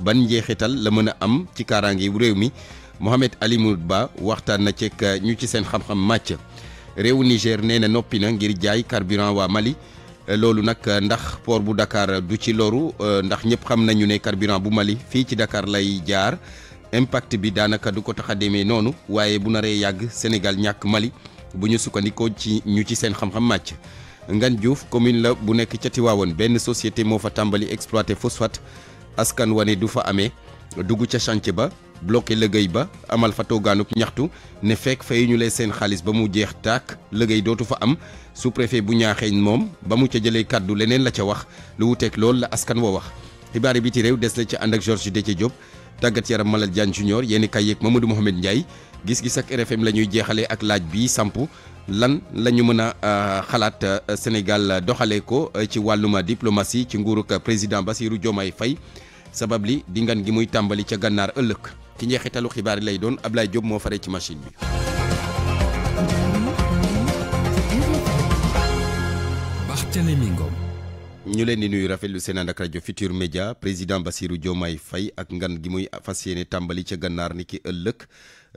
ban njeexital la mën a am ci kaaraange bu réew mi Mohamed Ali Mouride Ba waxtaan na ceeg ñu ci seen xam-xam màcc réewu Niger nee na noppi na ngir jaay carburant waa Mali loolu nag ndax port bu Dakar du ci loru ndax ñëpp xam nañu ne carburant bu Mali fii ci Dakar lay jaar impact bi daanaka du ko tax a noonu waaye bu naree yàgg Sénégal ñàkk Mali bu ñu sukkandikoo ci ñu ci seen xamxam màcc Ngan Diouf commune la bu nekk ca Tiwaawoon benn société moo fa tàmbali exploité phosphate askan wa ne du fa amee dugg ca chantier ba bloqué liggéey ba amal fa toogaanub ñaxtu ne fekk fay ñu lay seen xaalis ba mu jeex tàkk liggéey dootu fa am sous bu ñaaxee moom ba mu ca jëlee kàddu leneen la ca wax lu wuteeg loolu la askan wa wax xibaari bi ci réew des na ca ànd ak Georges Déthié Diop tàggat yaram Malal Diagne Junior yéeni kay yeeg Mamadou Mohamed Ndiaye gis-gis ak RFM la ñuy jeexalee ak laaj bi samp lan la ñu mën a euh, xalaat euh, Sénégal doxalee ko euh, ci wàlluma diplomatie ci nguuruk président Bassirou Diomaye Faye sabab li di ngan gi muy tàmbali ca gànnaar ëllëg ci njeexitalu xibaar lay doon Ablaye Diop moo fare ci machine bi. Barthélémy Ngom leen di nuyu rafetlu seen ànd ak rajo Média président Bassirou Diomaye fay ak ngan gi muy fas yéene tàmbali ca gannaar ni ki ëllëg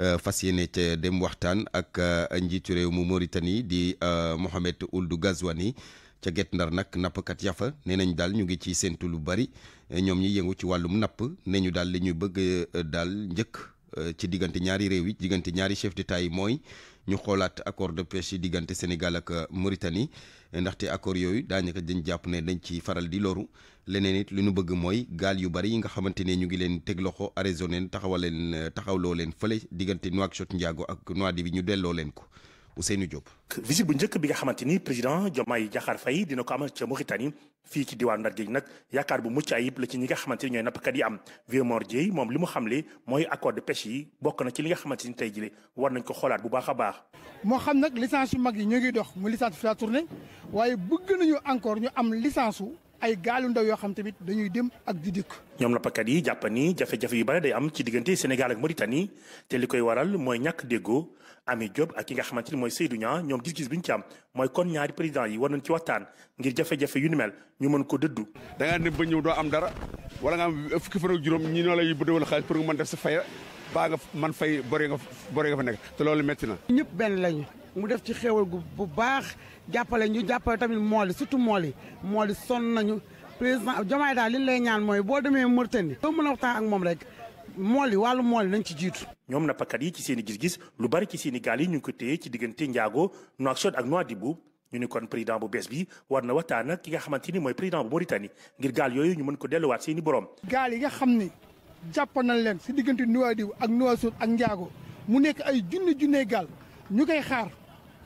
euh, fas yéene ca dem waxtaan ak euh, njiitu réew mu Mauritanie di euh, Mohamed Ould Ghazouani ca Guet Ndar nag nappkat yafa fa nee nañ daal ñu ngi ci séentu lu bari ñoom ñi yëngu ci wàllum napp nee ñu daal li ñu bëgg eh, daal njëkk eh, ci diggante ñaari réew yi diggante ñaari chef de d'État yi mooy ñu xoolaat accord de pêche yi diggante Sénégal ak eh, Mauritanie ndaxte accord yooyu daanaka dañ jàpp ne dañ ci faral di loru leneen it lu ñu bëgg mooy gaal yu bari yi nga xamante ne ñu ngi leen teg loxo arraisonné taxawal leen taxawloo leen fële diggante Nouakchott Ndiago ak Nouadhibou bi ñu delloo leen ko. Ousseynou Diop. visite bu njëkk bi nga xamante ni président Diomaye Diakhar Faye dina ko amal ca Mauritanie fii ci diwaan Ndar Géej nag yaakaar bu mucc ayib la ci ñi nga xamante ni ñooy nappkat yi am Vieux li mu xamle mooy accord de pêche yi bokk na ci tey jile war nañ ko xoolaat bu baax a baax. moo xam nag licence yu mag yi ñu ngi dox mu licence fi tournée waaye bëgg nañu encore ñu am licence ay gaalu ndaw yoo xam tamit dañuy dem ak di dikk. ñoom nappkat yi jàpp ni jafe-jafe yu bari day am ci diggante Sénégal ak Mauritanie te li koy waral mooy ñàkk déggoo Ami job ak ki nga xamante ni mooy Seydou Niang ñoom gis-gis bi ci am mooy kon ñaari président yi war nañ ci waxtaan ngir jafe-jafe yu ni mel ñu mën ko dëddu. da ngaa ne ba ñëw am dara wala nga am fukki fan ak juróom ñi ñoo lay bëdewal xaalis pour nga mën def sa fay baa nga man fay bore nga bore nga fa nekk te loolu métti na. ñëpp benn lañu mu def ci xéewal gu bu baax jàppale ñu tamit mool surtout mool mool nañu président li lay ñaan waxtaan ak rek mool yi wàllu mool yi nañ ci jiitu ñoom nappkat yi ci seen i gis-gis lu bari ci seen i gaal yi ñu ko téye ci diggante Ndiago Nouakchott ak Nouadhibou ñu ni kon président bu bees bi war na waxtaan ak ki nga xamante ni mooy président bu Mauritanie ngir gaal yooyu ñu mën ko delluwaat seen borom. gaal yi nga xam ni jàpp nañ leen si diggante Nouadhibou ak Nouakchott ak Ndiago mu nekk ay junne junne gaal ñu xaar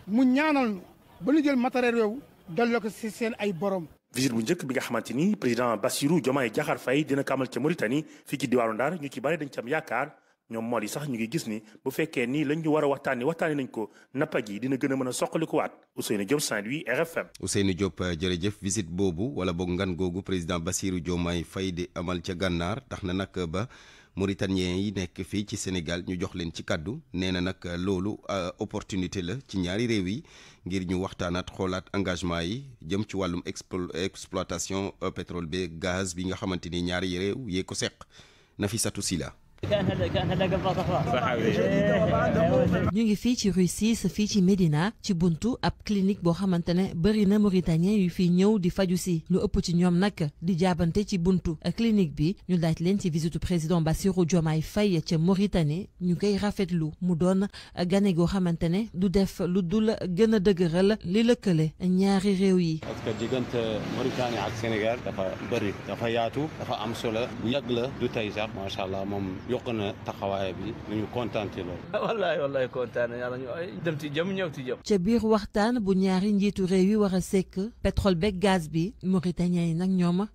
mu ñaanal ñu ba ñu jël matériel yooyu delloo ko si seen ay borom. visite bu njëkk bi nga xamante ni président Bassirou Diomaye Diakhar Faye dina ko amal ca Mauritanie fii ci diwaanu Ndar ñu ci bari dañ ci am yaakaar ñoom moo di sax ñu ngi gis ni bu fekkee ni lañ ñu war a waxtaanee waxtaanee nañ ko nappa gi dina gën a mën a soqalikuwaat Ousseynou Diop Saint-Louis RFM. Ousseynou Diop euh, jërëjëf visite boobu wala boog ngan googu président Bassirou Diomaye fay di amal ca gànnaar tax na nag ba. mauritanien yi nekk fii ci Sénégal ñu jox leen ci kàddu nee na nag euh, loolu euh, opportunité la ci ñaari réew yi ngir ñu waxtaanaat xoolaat engagement yi jëm ci wàllum explo exploitation euh, pétrole bi gaz bi nga xamante ni ñaari réew yee ko seq Nafisatou Sila ñu ngi fii ci rue 6 fii ci Médina ci buntu ab clinique boo xamante ne bëri na mauritanien yu fi ñëw di faju si lu ëpp ci ñoom nag di jaabante ci buntu clinique bi ñu laaj leen ci visitu président Bassirou Diomaye fay ca Mauritanie ñu koy rafetlu mu doon gane goo xamante ne du def lu dul gën a dëgëral li lëkkale ñaari réew yi. parce que diggante ak Sénégal dafa bëri dafa yaatu dafa am solo yàgg la du tey sax macha allah moom. yokk na taxawaay bi lu ñu kontaan ci loolu. wallaay wallaay kontaan na yàlla ñu ay dem ci jëm ñëw ci jëm. ca biir waxtaan bu ñaari njiitu réew yi war a sekk pétrole beeg gaz bi mauritanien yi nag ñooma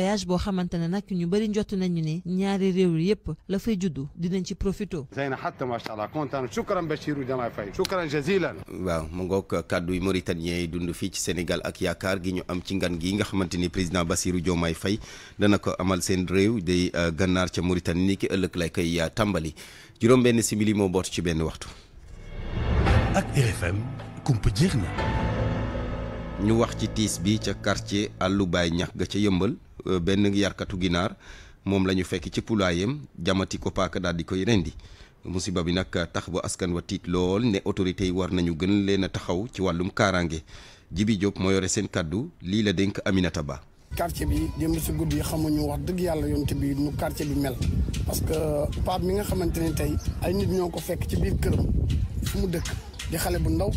voyage boo xamante ne nag ñu bëri njott nañu ne ñaari réew yépp la fay juddu dinañ ci profito zeyna hatta macha allah kontaan shukran bachiru jamaay fay shukran jazilan waaw mu ngoog kàddu yi mauritanien yi dund fii ci sénégal ak yaakaar gi ñu am ci ngan gi nga xamante ni basiru joomaay fay dana ko amal seen réew day euh, gannaar ca mauritanie ni ki ëllëg lay koy euh, tàmbali juróom benn simili moo boot ci benn waxtu ak rfm kumpa jeex na ñu wax ci tiis bi ca quartier àllu baay ñax ga ca yëmbal Euh, benn yarkatu ginaar moom la ñu fekk ci pulaayam jamati ko paaka daal di koy rendi musiba bi nag tax ba askan wa tiit lool ne autorités yi war nañu gën leen a taxaw ci wàllum kaaraange Jibi Diop moo yore seen kàddu lii la dénk Aminata Ba. quartier bi démb si guddi yi xamuñu wax dëgg yàlla yonte bi mu quartier bi mel parce que pape mi nga xamante ne tey ay nit ñoo ko fekk ci biir këram fu mu dëkk di xale bu ndaw.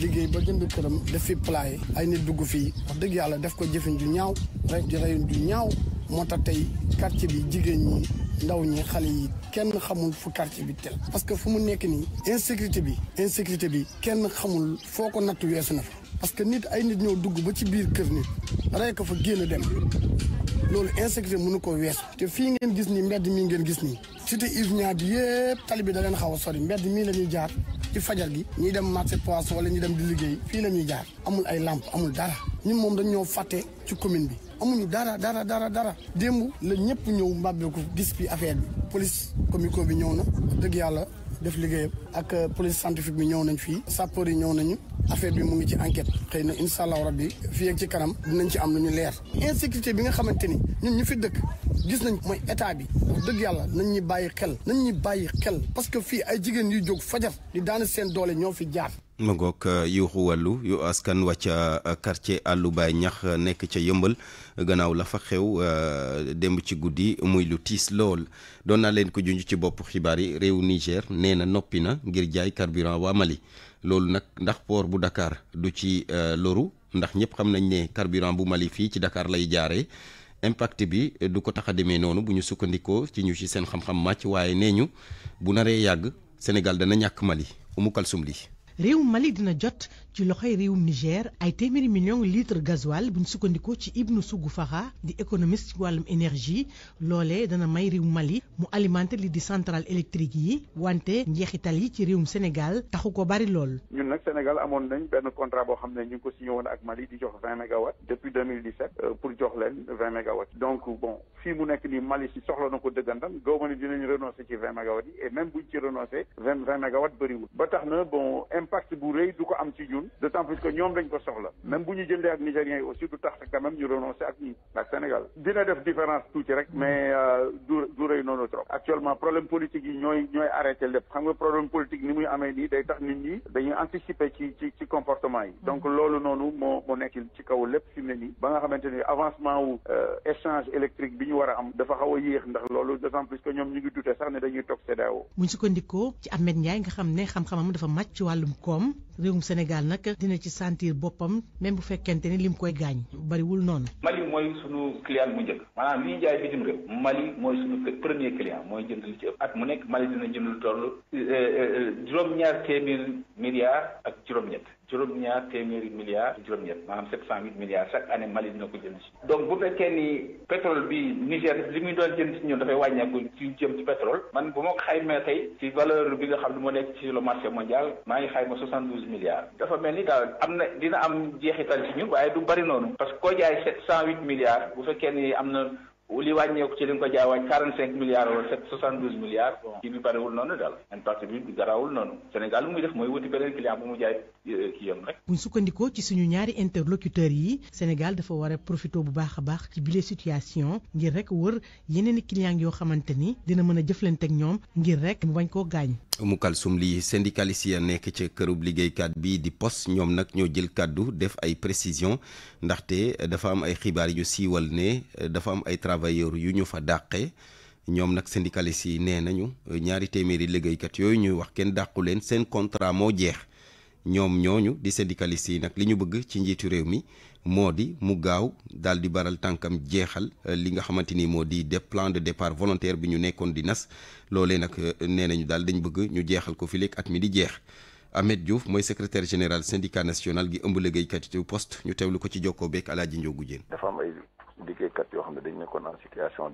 liggéey ba jënd këram def fi playe ay nit dugg fii wax dëgg yàlla def ko jëfin ju ñaaw rey di reyin ju ñaaw moo tax tey quartier bi jigéen ñi ndaw ñi xale yi kenn xamul fu quartier bi tel parce que fu mu nekk nii insécurité bi insécurité bi kenn xamul foo ko natt weesu na fa parce que nit ay nit ñoo dugg ba ci biir kër nit rey ko fa génn dem loolu insécurité mënu ko weesu te fii ngeen gis nii mbedd mii ngeen gis nii cité Ivoire bi yëpp tali bi da leen xaw a sori mbedd mii la ñuy jaar ci fajar gi ñuy dem marché poisson wala ñuy dem di liggéey fii la ñuy jaar amul ay làmp amul dara ñun moom dañu ñoo fàtte ci commune bi amuñu dara dara dara dara démb la ñëpp ñëw mbàbbeeku gis bi affaire bi police comico bi ñëw na dëgg yàlla def liggéeyam ak euh, polis scientifique bi ñëw nañ fii sapeur yi ñëw nañu affaire bi mu ngi ci enquête xëy na incha allahu rabbi fii ak ci kanam dinañ ci am lu ñu leer insécurité bi nga xamante ni ñun ñu fi dëkk gis nañ mooy état bi wax dëgg yàlla nañ ñi bàyyi xel nañ bàyyi xel parce que fii ay jigéen yuy jóg fajar di daana seen doole ñoo fi jaar ma ngoog euh, yuuxu wàllu yu askan wa ca euh, quartier àllu baay ñax euh, nekk ca yëmbal gannaaw la fa xew démb ci guddi muy lu tiis lool doon naa leen ko junj ci boppu xibaar yi réew Niger nee na noppi na ngir jaay carburant waa Mali loolu nag ndax poor bu dakaar du ci loru ndax ñëpp xam nañ ne carburant bu Mali fii ci dakaar lay jaare impact bi du ko tax a demee noonu bu ñu sukkandikoo ci ñu ci seen xam-xam màcc waaye nee ñu bu naree yàgg Sénégal dana ñàkk Mali Umu Kalsum lii réew Mali dina jot ci loxoy réewum Niger ay téeméeri million litre gasoil buñ sukkandikoo ci Ibnu Sougoufara di économiste ci wàllum énergie loolee dana may réew Mali mu alimenté li di centrale électrique yi wante njeexital yi ci réewum Sénégal taxu ko bari lool. ñun nag Sénégal amoon nañ benn contrat boo xam ne ñu ngi ko signé woon ak Mali di jox 20 mégawatts depuis 2017 euh, pour jox leen 20 mégawatts donc bon fii mu nekk nii Mali si soxla na ko dëggantam gaw ma ne dinañ renoncer ci 20 mégawatts yi et même buñ ci renoncer 20 vingt mégawatts bëriwul ba tax na bon impact bu rëy du ko am ci ñun de d'autant plus que ñoom dañ ko soxla même bu ñu jëndee ak nigériens yi aussi du tax quand même ñu renoncer ak ñi ak Sénégal dina def différence tuuti rek mais euh, du du rëy trop actuellement problème politique yi ñooy ñooy arrêté lépp xam nga problème politique ni muy amee nii day tax nit ñi dañuy anticiper ci ci comportement yi donc loolu noonu moo moo nekk ci kaw lépp fi mu ne ba nga xamante avancement wu euh, échange électrique bi ñu war a am dafa xaw a yéex ndax loolu d'autant plus que ñoom ñu ngi dute sax ne dañuy toog CEDEAO buñ sukkandikoo ci Ahmed Ndiaye nga xam ne xam-xamam dafa màcc ci wàllum koom Sénégal nag dina ci sentir boppam même bu fekkente ni lim koy gaañ bariwul noonu. Mali mooy sunu client mu njëkk maanaam li ñu jaay bitim réew mooy sunu premier client mooy jënd li ci ëpp at mu nekk Mali dina jënd lu toll euh, euh, euh, juróom-ñaar téeméer milliards ak juróom-ñett. juróom-ñaar téeméeri milliards juróom-ñett maanaam sept cent huit milliards chaque année Mali dina ko jënd si donc bu fekkee ni pétrole bi Niger li muy doon jënd si ñun dafay wàññeeku ci jëm ci pétrole man bu ma ko xaymee tey ci valeur bi nga xam ne moo nekk ci le marché mondial maa ngi xayma soixante douze milliards dafa mel ni daal am na dina am jeexital ci ñun waaye du bari noonu parce que koo jaay sept cent huit milliards bu fekkee ni am na wuli wàññeeku ci li ko jaay wàññi quarante cinq milliards wala milliards bon bi barewul noonu daal impact bi garaawul noonu Sénégal lu muy def mooy wuti beneen client bu mu jaay euh, kii yam rek buñ sukkandikoo ci suñu ñaari interlocuteurs yi Sénégal dafa war a profité bu baax a baax ci bile situation ngir rek wër yeneen i client yoo xamante ni dina mën a jëflante ak ñoom ngir rek mu bañ koo gaañ Umu Kalsum lii syndicaliste ya nekk ca kërub liggéeykat bi di poste ñoom nag ñoo jël kàddu def ay précision ndaxte dafa am ay xibaar yu siiwal ne dafa am ay travailleurs yu ñu fa dàqe ñoom nag syndicaliste yi nee nañu ñaari téeméeri liggéeykat yooyu ñuy wax kenn dàqu leen seen contrat moo jeex ñoom ñooñu di syndicaliste yi nag li ñu bëgg ci njiitu réew mi moo di mu gaaw daal di baral tànkam jeexal euh, li nga xamante ni moo di des plan de départ volontaire bi ñu nekkoon di nas loolee nag euh, nee nañu daal dañ bëgg ñu jeexal ko fi léegi at mi di jeex. Ahmed Diouf mooy secrétaire général syndicat national gi ëmb liggéeykat yi poste ñu teewlu ko ci jokkoo beeg Alaaji Njogu Jéen yoo xam ne dañ nekkoon en situation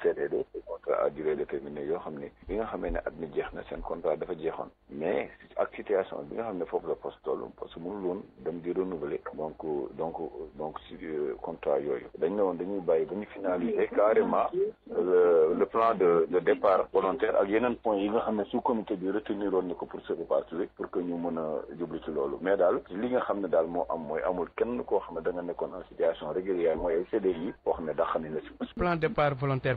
CDD contrat à durée déterminée yoo xam ne bi nga xamee ne at mi jeex na seen contrat dafa jeexoon mais ak situation bi nga xam ne foofu la poste tollu parce que mënul dem di renouveler donc donc donc si euh, contrat yooyu dañ ne woon dañuy bàyyi ba ñu finaliser carrément le euh, le plan de de départ volontaire ak yeneen points yi nga xam ne sous comité bi retenir ni ko pour se repartir pour que ñu mën a jublu ci loolu mais daal li nga xam ne daal moo am mooy amul kenn koo xam ne da nga nekkoon en situation régulière mooy ay CDI wax ne dàq nañ la si plan départ volontaire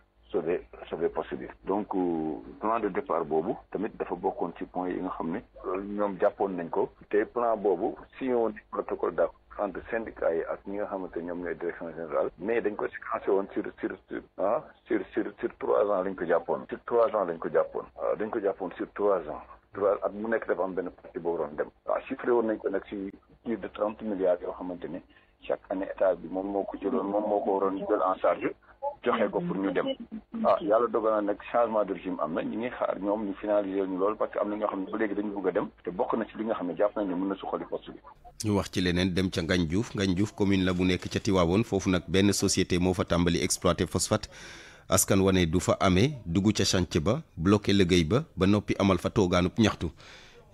sauver sauver poste bi donc euh, plan de départ bobu tamit dafa bokkoon ci point yi nga xamné ñom ñoom nañ ko té plan bobu si woon protocole d'accord entre syndicats yi ak ñi nga xamante ñoom ñooy direction générale mais dañ ko séquencé woon sur sur sur ah sur sur sur trois ans lañ ko jàppoon sur trois ans lañ ko jàppoon dañ ko jàppoon sur trois ans trois at mu nekk dafa am benn parti boo waroon dem waaw chiffré woon nañ ko nag si plus de trente milliards yoo xamante ne chaque année état bi moom moo ko jëloon moom moo ko waroon jël en charge joxe ko pour ñu dem ah yàlla dogal na nag changement de régime am na ñi ngi xaar ñoom ñu finaliser ñu loolu parce que am na ñoo xam ne ba léegi dañu a dem te bokk na ci li nga ne jàpp nañ ne mën na suqali poste bi ñu wax ci leneen dem ca Ngagne Diouf Ngagne Diouf commune la bu nekk ca Tiwaawoon foofu nag benn société moo fa tàmbali exploité phosphate askan wane du fa amee dugg ca sanc ba bloqué liggéey ba ba noppi amal fa toogaanub ñaxtu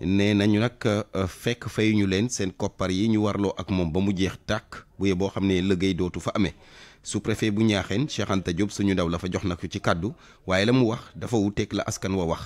nee nañu nag euh, fekk fayuñu leen seen koppar yi ñu warloo ak moom ba mu jeex tàkk bu yee boo ne liggéey dootu fa amee sous-préfet bu ñaaxeen Cheikh Anta suñu ndaw la fa jox na ko ci kàddu waaye la mu wax dafa wuteeg la askan wa wax.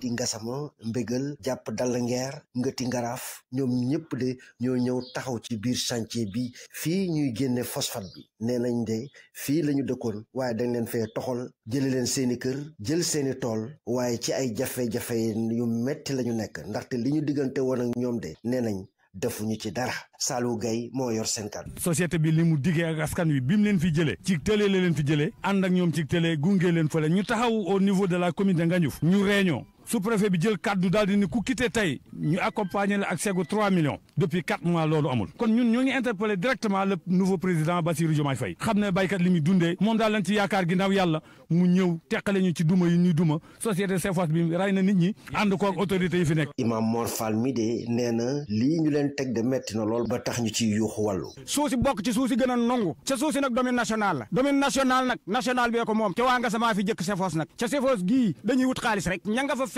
di ngasama mbégal jàpp dal ngeer ngëti ngaraaf ñoom ñëpp de ñoo ñëw taxaw ci biir chantier bi fii ñuy génne phosphate bi nee nañ de fii la ñu dëkkoon waaye dañ leen fee toxal jële leen seeni kër jël seeni tool waaye ci ay jafe-jafe yu metti la ñu nekk ndaxte li ñu diggante woon ak ñoom de nee nañ defuñu ci dara Salou gay moo yor seen kàddu bi li mu diggee ak askan wi bi mu leen fi jëlee ci télé la leen fi jëlee ànd ak ñoom ci télé gunge leen fële ñu taxaw au niveau de la commune de Ngandiouf ñu réunion su préfet bi jël kaddu daal di ni ku quitté tey ñu accompagner la ak seegu 3 millions depuis 4 mois loolu amul kon ñun ñoo ngi interpellé directement le nouveau président Bassirou Diomaye Faye xam ne béykat li muy dundee moom daal lañ ci yaakaar ginnaaw yàlla mu ñëw teqale ñu ci duma yi ñuy duma société CFAS bi ray na nit ñi ànd kook autorité yi fi nekk imam Mor Fall mi de nee lii ñu leen teg de metti na lool ba tax ñu ci yuuxu wàllu suuf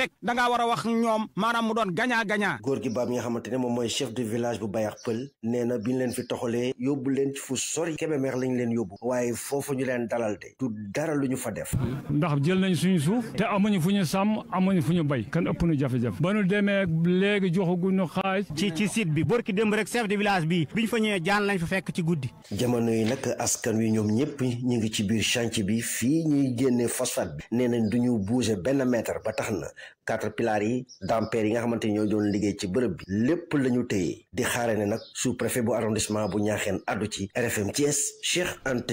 Seck war a wax ñoom maanaam mu doon gagnant gagnant góor gi baam yi nga xamante ne moom mooy chef de village bu Bayax Pël nee na bi ñu leen fi toxalee yóbbu leen ci fu sori Kébémer lañ leen yóbbu waaye foofu ñu leen dalal de du dara lu ñu fa def ndax jël nañ suñu suuf te amuñu fu ñu sàmm amuñu fu ñu bay kan ëpp nu jafe-jafe ba nu demee léegi joxaguñu xaaj ci ci site bi ki démb rek chef de village bi biñ fa ñëwee jaan lañ fu fekk ci guddi jamono yi nag askan wi ñoom ñëpp ñu ngi ci biir chantier bi fii ñuy génne phosphate bi nee nañ duñu bouger benn mètre ba tax na caterpillar Pilari, de yi nga xamanteni ñoo doon ci bi di sous arrondissement bu addu ci RFM Cheikh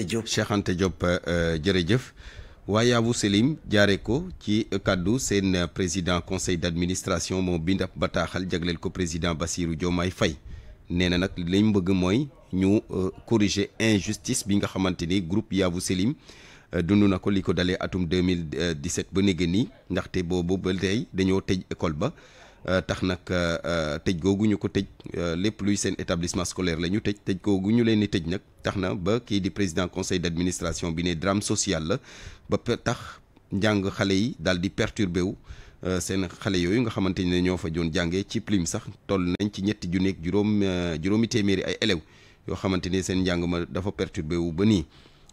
Diop. Cheikh Diop euh, euh, président conseil d'administration administration moo bind président basirou na euh, corriger injustice bi nga groupe Selim. Euh, dunduna na ko li ko atum 2017 ba négé ndax té bobu ba tey dañoo tej école ba euh, tax nak euh, tëj gogu ñuko ko lépp luy seen établissement scolaire la ñu tej tëj googu ñu leen di nak taxna na ba ki di président conseil d'administration bi né drame social la ba tax njàng xalé yi dal di perturber wu seen xalé yoyu nga xamante ñoo fa joon j'angé ci plim sax toll nañ ci ñetti juneek juroom juroomi téméré ay élèves yo xamante seen ma dafa perturber wu ba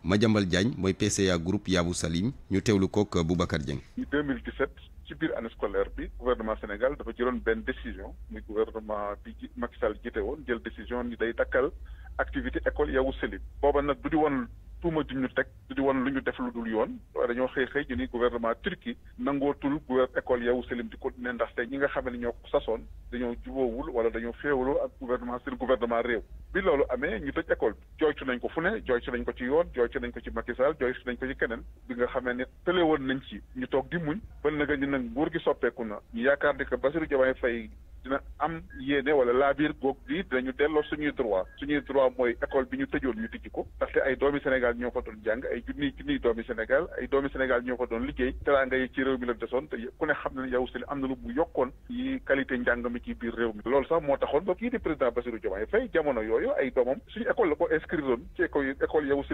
ma Madiambal Diagne mooy group groupe Yabou Salim ñu teewlu kook Boubacar Dieng. 2017 ci biir année scolaire bi gouvernement Sénégal dafa jëloon benn décision muy gouvernement bi Macky Sall jiite woon jël décision ni day dakkal activité école Yabou Salim booba nag du di woon tuuma ju ñu teg di woon lu ñu def lu dul yoon dañoo xëy xëy ñu ni gouvernement Turquie nangootul gouver école Yavuz Selim di ndax te ñi nga xam ne ñoo ko sasoon dañoo jubóowul wala dañoo féewaloo ak gouvernement seen gouvernement réew bi loolu amee ñu tëj école bi nañ ko fu ne jooytu nañ ko ci yoon jooytu nañ ko ci Macky Sall jooytu nañ ko ci keneen bi nga xamee ne tële woon nañ ci ñu toog di muñ ba nag ñu nag nguur gi soppeeku na ñu yaakaar ni que Bassirou Diomaye Faye dina am yéene wala laa biir góog bi dinañu delloo suñuy droit suñuy droit mooy école bi ñu tëjoon ñu tijji ko ndaxte ay doomi Sénégal ñoo fa doon jàng ay junniy junniy doomi Sénégal ay doomi Sénégal ñoo fa doon liggéey teraanga yi ci réew mi la desoon ku ne xam ne yow si am na lu bu yokkoon yi qualité njàng mi ci biir réew mi loolu sax moo taxoon ba kii di président Bassirou Diomaye Faye jamono yooyu ay doomam suñu école la ko inscrire oon ci école école yow si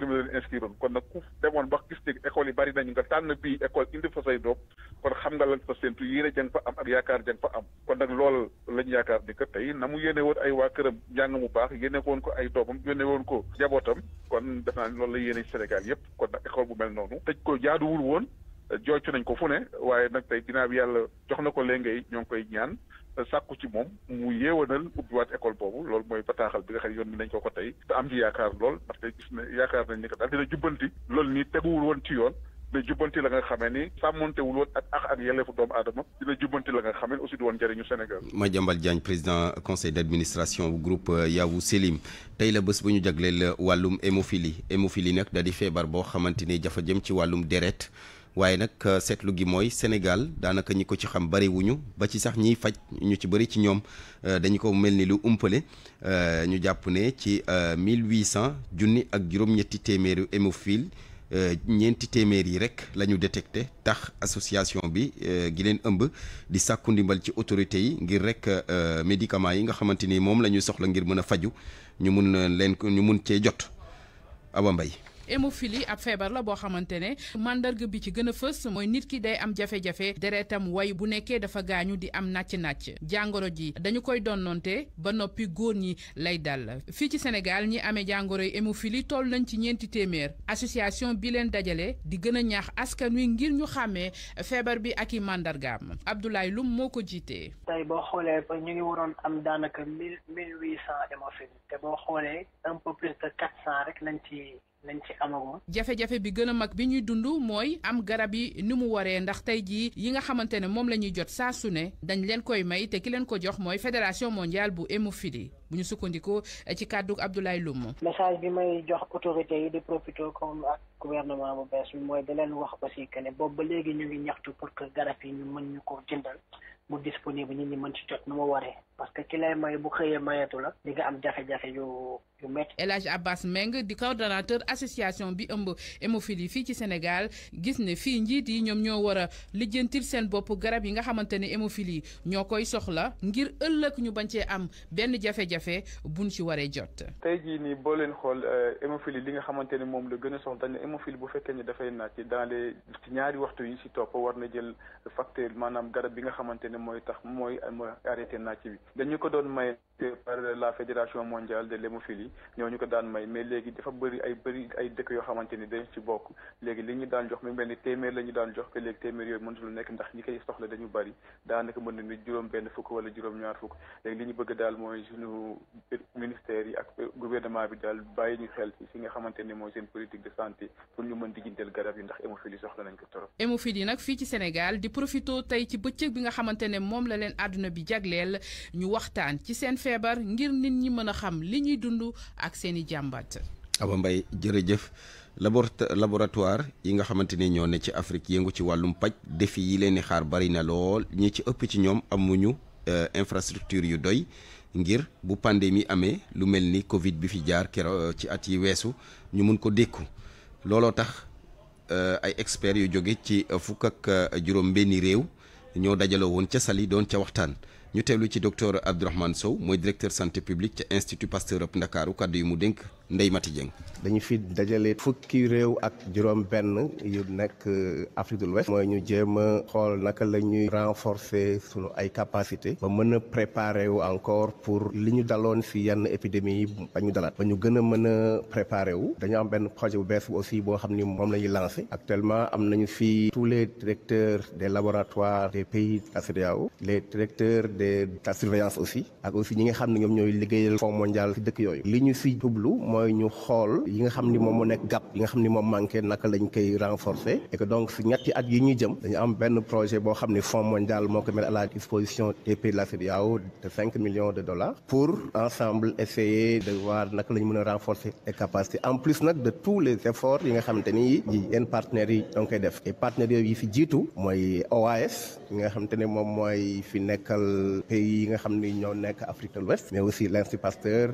yi bari nañu nga tànn bii école indi fa say doom kon nga lan fa séntu yéene am ak yaakaar jàng am kon lool lañ yaakaar ni ko tey na mu yéene woon ay waa këram njàng mu baax yéene woon ko ay doomam yéene woon ko jabootam kon def naa ni la yéene Sénégal yëpp kon nag école bu mel noonu tëj ko jaaduwul woon jooytu nañ ko fu ne waaye nag tey ginnaaw bi yàlla jox na ko léngay ñoo ngi koy ñaan sàkku ci moom mu yeewanal waat école boobu loolu mooy bataaxal bi nga xam ne yoon bi nañ ko ko tey te am ci yaakaar lool ndaxte gis na yaakaar nañ ni que daal dina jubbanti loolu nii teguwul woon ci yoon da jubbanti la nga xamé ni sa monté wul woon ak ak ak yelleefu doomu aadama dina jubbanti la nga xamé aussi du woon njëriñu Sénégal ma Madiambal Diagne président conseil d'administration du groupe euh, Yavuz Selim tay la bëss buñu ñu euh, walum hémophilie hémophilie nak da di feebar boo xamante ni jafa jëm ci walum deret waaye nak euh, seetlu gi moy Sénégal daanaka ñi ko ci xam bari wuñu ba ci sax ñi fajj ñu ci bari ci ñom dañ ko melni lu umpelé ñu japp né ci 1800 junni ak juróom-ñetti téméru hémophile Euh, ñeenti téeméer yi rek la ñu détecté tax association bi euh, gi leen ëmb di sàkku ndimbal ci autorités yi ngir rek euh, médicaments yi nga xamante ni moom la ñuy soxla ngir mën a faju ñu mun leen ñu mun cee jot Awa mbay hémophilie ab feebar la boo xamante ne màndarga bi ci gën a fës mooy nit ki day am jafe-jafe deretam way bu nekkee dafa gaañu di am nàcc-nàcc jàngoro ji dañu koy donnoonte ba noppi góor ñi lay dal fii ci Sénégal ñi amee jàngoro yi hémophilie tool nañ ci ñeenti téeméer association bi leen dajale di gën a ñaax askan wi ngir ñu xàmmee feebar bi ak i màndargaam Abdoulaye Loum moo ko jiitee tey boo xoolee ba ñu ngi waroon am daanaka mille te boo xoolee un plus lañ ci amagoon jafe-jafe bi gën a mag bi ñuy dund mooy am garab yi ni mu waree ndax tey jii yi nga xamante ne moom la ñuy jot saa su dañ leen koy may te ki leen ko jox mooy fédération mondiale bu hémophilie bu ñu sukkandikoo ci kàddu Abdoulaye Loum message bi may jox autorité yi di profité comme ak gouvernement bu bees mooy da leen wax aussi que ne boobu ba léegi ñu ngi ñaxtu pour que garab yi ñu mën ñu ko jëndal mu disponible nit ñi mën ci jot nu mu waree parce que ki lay may bu xëyee mayetu la di nga am jafe-jafe yu yu métti El Abbas Meng di coordonnateur association bi ëmb hémophilie fii ci Sénégal gis ne fii njiit yi ñoom ñoo war a lijjantil seen bopp garab yi nga xamante ne hémophilie ñoo koy soxla ngir ëllëg ñu bañ cee am benn jafe-jafe bu nu ci waree jot tey jii nii boo leen xool euh, hémophilie li nga xamante ne moom la gën a soxla dañ ne hémophilie bu fekkee ni dafay naaj ci dans waxtu yi ci topp war mooy tax mooy mooy arrêté nàcc bi dañu ko doon may par la fédération mondiale de l'hémophilie ñoo ñu ko daan may mais léegi dafa bëri ay bëri ay dëkk yoo xamante ni dañ ci bokk léegi li ñu daan jox mu mel ni téeméer la ñu daan jox te léegi téeméer yooyu mënatul nekk ndax ñi koy soxla dañu bari bëri daanaka mën na ni juróom benn fukk wala juróom ñaar fukk léegi li ñu bëgg daal mooy suñu yi ak gouvernement bi daal bàyyi ñu xel ci fi nga xamante ne mooy seen politique de santé pour ñu mën di jëndal garab yi ndax hémophilie soxla nañ ko trop. hémophilie yi nag fii ci Sénégal di profito tey ci bëccëg bi nga xamante ne moom la leen àdduna bi jagleel ñu waxtaan ci seen feebar ngir nit ñi mën a xam li ñuy dund ak seen i jàmbat. Awa Mbaye jërëjëf laboratoire yi nga xamante ne ñoo ne ci Afrique yëngu ci wàllum paj défi yi leen di xaar bari na lool ñi ci ëpp ci ñoom amuñu euh, infrastructure yu doy. ngir bu pandémie amee lu mel ni Covid bi fi jaar kero euh, ci at yi weesu ñu mën ko dékku looloo tax euh, ay experts yu jóge ci euh, fukk ak juróom-benni réew ñoo dajaloo woon ca sali doon ca waxtaan ñu teewlu ci docteur Abdourahmane Sow mooy directeur santé publique ca institut Pasteur ab Ndakaaru kàddu yi mu dénk Ndey Maty Dieng dañu fi dajale fukki réew ak juroom benn yu nekk euh, Afrique de l'Ouest moy ñu jéem a xool naka la renforcer suñu ay capacité ba mëna préparer wu encore pour liñu ñu daloon si yenn épidémie yi ba ñu dalaat ba ñu gën a a préparer wu dañu am benn projet bu aussi bo xamni mom lañuy lancer actuellement am nañu fi tous les directeurs des laboratoires des pays de CEDEAO les directeurs de la surveillance aussi ak aussi ñi nga xamni ñom ñoy liggéeyal mondial ci dëkk yoyu liñu si moy ñu xol yi nga xamni mom mo nek gap yi nga xamni mom manké naka lañ koy renforcer et que donc si ñetti at yi ñuy jëm dañu am ben projet bo xamni fonds mondial moko mettre à la disposition des pays de la CEDEAO de 5 millions de dollars pour ensemble essayer de voir naka lañ mëna renforcer les capacités en plus nak de tous les efforts yi nga xamante ni yi yenn partenaires yi donc koy def et partenaires yi fi jitu moy OAS yi nga xamante mom moy fi nekkal pays yi nga xamni ñoo nek Afrique de l'Ouest mais aussi l'Institut Pasteur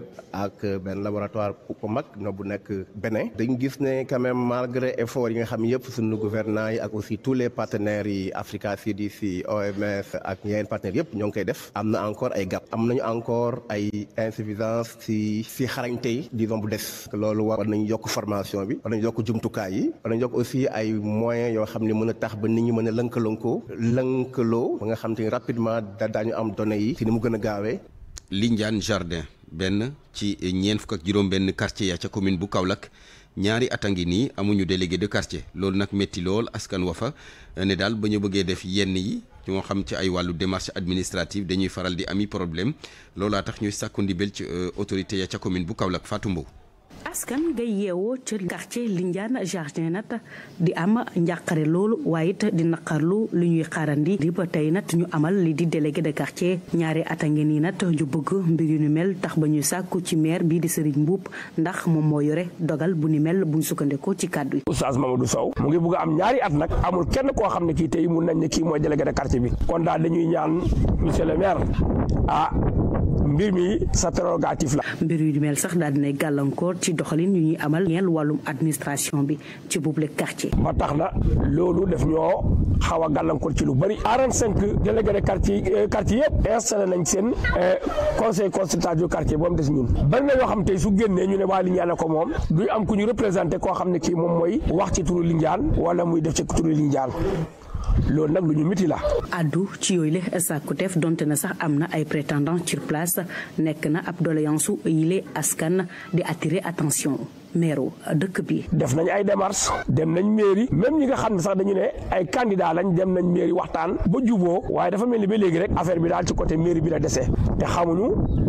ak ben laboratoire ku mag no bu nekk beneen dañ gis ne quand même malgré effort yi nga xam yëpp suñu gouvernants yi ak aussi tous les partenaires yi Africa CDC OMS ak yeneen partenaires yëpp ñoo ngi koy def am na encore ay gap am nañu encore ay insuffisance si si xarañte yi disons bu des loolu war nañu yokk formation bi war nañu yokk jumtukaay yi war nañu yokk aussi ay moyen yoo xam ne mën a tax ba nit ñi mën a lënkalonkoo lënkaloo ba nga xam te ni rapidement da daañu am données yi si ni mu gën a gaawee Lindiane Jardin benn ci ñeent fukk ak juróom-benn quartier ya ca commune bu Kaolack ñaari at a ngi nii amuñu délégué de quartier loolu nag métti lool askan wa fa ne daal ba ñu bëggee def yenn yi ñoo xam ci ay wàllu démarche administrative dañuy faral di ami problème loolaa tax ñuy sàkku ndibel ci euh, autorité ya ca commune bu Kaolack Fatou Mbow askan ngay yeewoo ca quartier Lindiane Jardin nag di am njàqare loolu waaye it di naqarlu lu ñuy xaarandi di ba tey nag ñu amal li di délégué de quartier ñaari at a ngi nii nag ñu bëgg mbir yu ni mel tax ba ñuy sàkku ci maire bii di sëriñ Mboup ndax moom moo yore dogal bu ni mel buñ sukkandikoo ci kàddu yi. Oustaz du Sow mu ngi bëgg am ñaari at nag amul kenn koo xam ne kii tey mun nañ ne kii mooy délégué de quartier bi kon daal dañuy ñaan monsieur le maire ah, mbir mi sa prérogative la. mbir yu mel sax daal dinay gàllankoor ci doxalin yu ñuy amal ñeel wàllum administration bi ci boobu le quartier. ba tax na loolu def ñoo xaw a gàllankoor ci lu bëri. 45 délégués de quartier euh, quartier yëpp installé nañ seen euh, conseil consultatif du quartier ba mu des ñun. bari na yoo xam tey su génnee ñu ne waa Lindiane ko moom duñ am ku ñu représenté koo xam ne kii moom mooy wax ci turu Lindiane wala muy def ci turu Lindiane. loolu nag lu ñu miti la. addu ci yooyu le sàkkuteef donte na sax am na ay prétendants sur place nekk na ab doléance su yile askan di attirer attention. meeru dëkk bi. def nañ ay démarches dem nañ mairie même ñi nga xam ne sax dañu ne ay candidat lañ dem nañ mairie waxtaan ba juboo waaye dafa mel ni ba léegi rek affaire bi daal ci côté mairie bi la dese te xamuñu.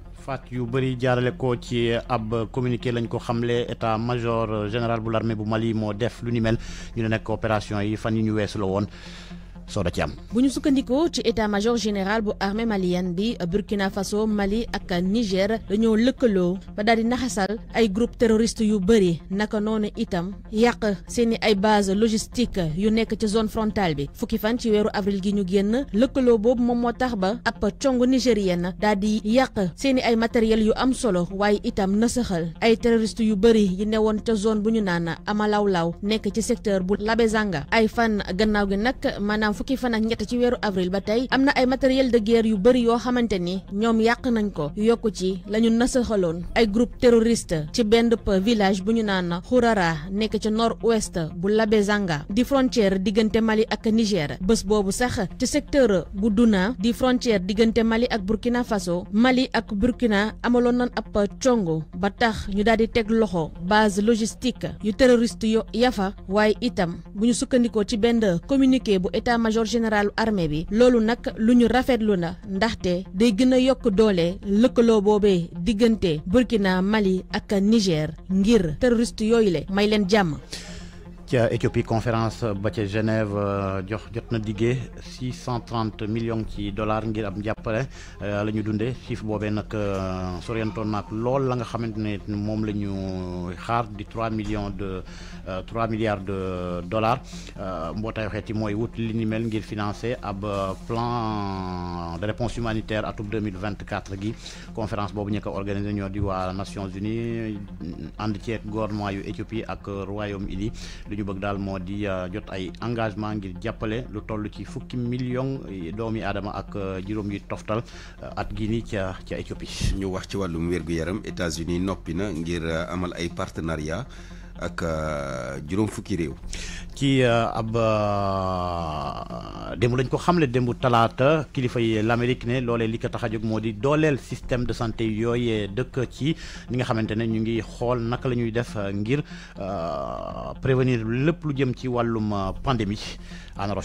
fat yu bari jaarale ko ci ab communiqué lañ ko xamle état major général bu l'armée bu Mali mo def lu ni mel ñu nek opération yi fan yi ñu wess lo won soo da bu ñu sukkandikoo ci état major général bu armée malienne bi Burkina Faso Mali ak Niger dañoo lëkkaloo ba daal di naxasal ay groupe terroriste yu bëri naka noonu itam yàq seeni ay base logistique yu nekk ci zone frontale bi fukki fan ci weeru avril gi ñu génn lëkkaloo boobu moom moo tax ba ab congu nigérienne daal di yàq seeni ay matériel yu am solo waaye itam nasaxal ay terroriste yu bëri yi newoon ca zone bu ñu naan Amalawlaw nekk ci secteur bu Labezanga ay ginnaaw fukki fan ak ñett ci weeru avril ba tey am na ay matériel de guerre yu bëri yoo xamante ni ñoom yàq nañ ko yokk ci la ñu nasaxaloon ay groupe terroriste ci benn village bu ñu naan Xurara nekk ca nord ouest bu labe Labezanga di frontière diggante Mali ak Niger bés boobu sax ci secteur bu Douna di frontière diggante Mali ak Burkina Faso Mali ak Burkina amaloon nan ab congo ba tax ñu daal di teg loxo base logistique yu terroriste yafa waaye itam bu ñu sukkandikoo ci benn major général armée bi loolu nag lu ñu rafetlu na ndaxte day gën a yokk doole lëkkaloo boobee diggante Burkina Mali ak Niger ngir terroriste yooyu le may leen jàmm ca euh, Éthiopie conférence euh, ba ca Genève euh, jox jot na 630 millions ci dollars ngir am jappalé lañu dundé dundee chiffre boobee nag soriantoon naag lool la nga xamanténé mom lañu xaar di trois millions de trois milliards de dollars mbotay waxé yi moy wut li ni mel ngir financer ab plan de réponse humanitaire tout 2024 gi conférence bobu ñëk ko organisé ñoo di wa Nations Unies ànd ceeg gouvernement yu Éthiopie ak Royaume-Uni ñu bëgg daal moo di euh, jot ay engagement ngir jàppale lu toll ci fukki million doomi aadama ak euh, juróom yi toftal euh, at gi ni ca ca Éthiopie. ñu wax ci wàllum wér-gu-yaram États-Unis noppi na ngir amal ay partenariat ak euh, juroom fukki réew. ci euh, ab euh, démb lañ ko xamle démb talata kilifa yi l'Amérique ne lolé li ko tax a jóg moo système de santé yooyu dëkk ci li nga xamantene ñu ngi xol naka lañuy def ngir prévenir lepp lu jëm ci walum pandémie. Anna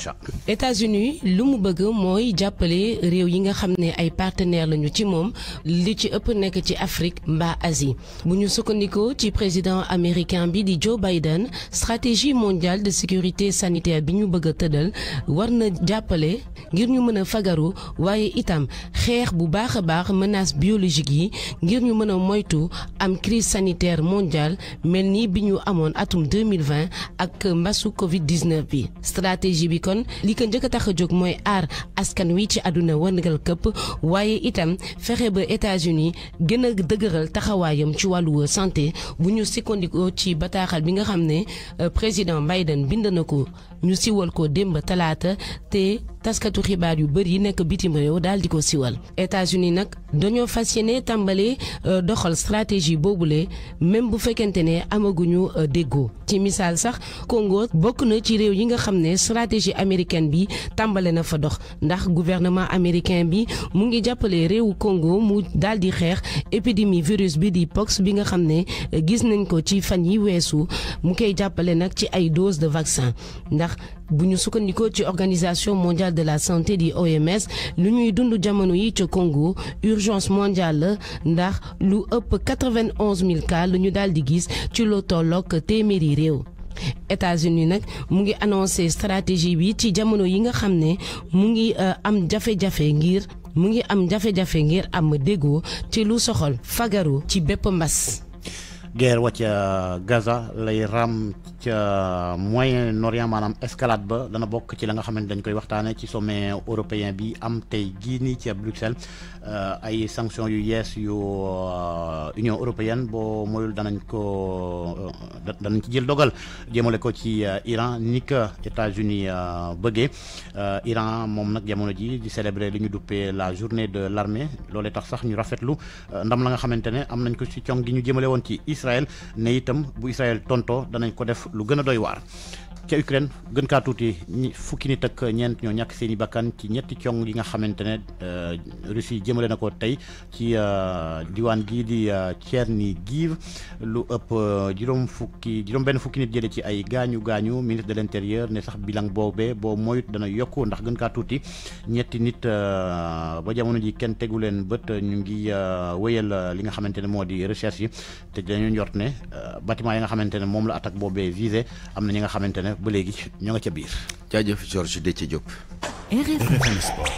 États-Unis lu mu bëgg moy jàppale réew yi nga xamné ay partenaires lañu ci mom li ci ëpp nek ci Afrique mba Asie bu ñu ci président américain bi di Joe Biden stratégie mondiale de sécurité sanitaire bi ñu bëgg teudal tëddal war na ngir ñu fagaru itam xeex bu baax menace biologique yi ngir ñu mëna moytu am crise sanitaire mondiale melni ni bi ñu atom atum 2020 ak mbasu Covid 19 bi stratégie stratégie bi kon li ko njëkk tax a jóg mooy aar askan wi ci àdduna wërngal këpp waaye itam fexe ba États-Unis gën a dëgëral taxawaayam ci wàllu santé bu ñu sukkandikoo ci bataaxal bi nga xam ne euh, président Biden bind na ko ñu siwal ko démb talaata te taskatu xibaar yu bëri yi nekk bitim réew daal di ko siwal États-Unis nag dañoo fas yéene tàmbali euh, doxal stratégie boobule même bu fekkente ne amaguñu euh, déggoo ci misaal sax Congo bokk na ci réew yi nga xam ne stratégie américaine bi tàmbale na fa dox ndax gouvernement américain bi mu ngi jàppale réewu Congo mu daal di xeex épidémie virus bi di pox bi nga xam ne gis nañ ko ci fan yi weesu mu koy jàppale nag ci ay dose de vaccin ndax bu ñu ci organisation mondiale de la santé di OMS lu ñuy dund jamono yi ci Congo urgence mondiale la ndax lu ëpp 91 000 cas lu ñu d'aldi gis ci lo tollook téeméeri réew. États-Unis nak mu ngi annoncé stratégie bi ci jamono yi nga xamné mu ngi euh, am jafé jafé ngir mu ngi am jafé jafé ngir am dégo, ci lu soxol fagaru ci bép mbas. guerre wàcc Gaza lay ram. Moyen-Orient madame, escalade dans dana bokk ci la nga xamante dañ koy waxtaanee ci sommet européen bi am tay gi ni ci Bruxelles euh, ay sanctions yu yes yu euh, Union européenne bo moyul danañ ko euh, danañ ci jël dogal jëmale ko ci Iran ni ka États-Unis bëggee Iran mom nak jamono ji di célébrer liñu ñu la journée de l'armée lolé tax sax ñu rafetlu ndam la nga xamante am nañ ko ci cong gi ñu jëmale won ci Israël né itam bu Israël tonto danañ ko def lu gën a doy waar ca Ukraine gën kaa tuuti fukki nit ak ñeent ñoo ñàkk seen i bakkan ci ñetti cong yi nga xamante ne euh, Russie jëmale na ko tey ci euh, diwaan gii di euh, Tchernihiv lu ëpp juróom fukki juróom benn fukki nit jële ci ay gaañu gaañu ministre de l'intérieur ne sax bilan boobee boo moyut dana yokk ndax gën kaa tuuti ñetti nit ba jamono ji kenn tegu leen bët ñu ngi wéyal li nga xamante ne moo di recherche yi te dañu njort ne bâtiment yi nga xamante ne moom la attaque boobee visé am na ñi nga xamante ne nag ba léegi ñoo nga ca biir. jaajëf Georges Déthié Diop. RFM Sport.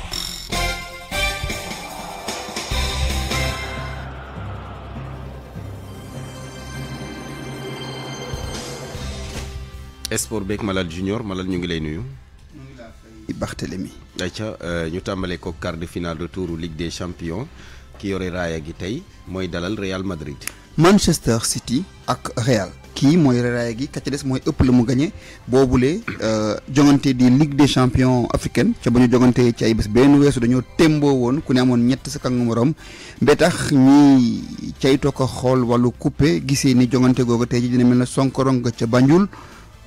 Esport beeg Malal Junior Malal ñu ngi lay nuyu. Barthélemy. ayca euh, ñu tàmbale ko quart de finale retour Ligue des champions ki yore raaya gi tey mooy dalal Real Madrid. Manchester City ak Real. kii mooy raaya gi ka des mooy ëpp la mu gagné boobule euh, jongante di ligue de champions africaine ca ba ñu jongante ci ay bés benn weesu dañoo témboo woon ku ne amoon ñett sa kangu morom ba tax ñi ko xool wàllu coupé gisee ni jongante googu tey ji dina mel ne sonkorong ca Banjul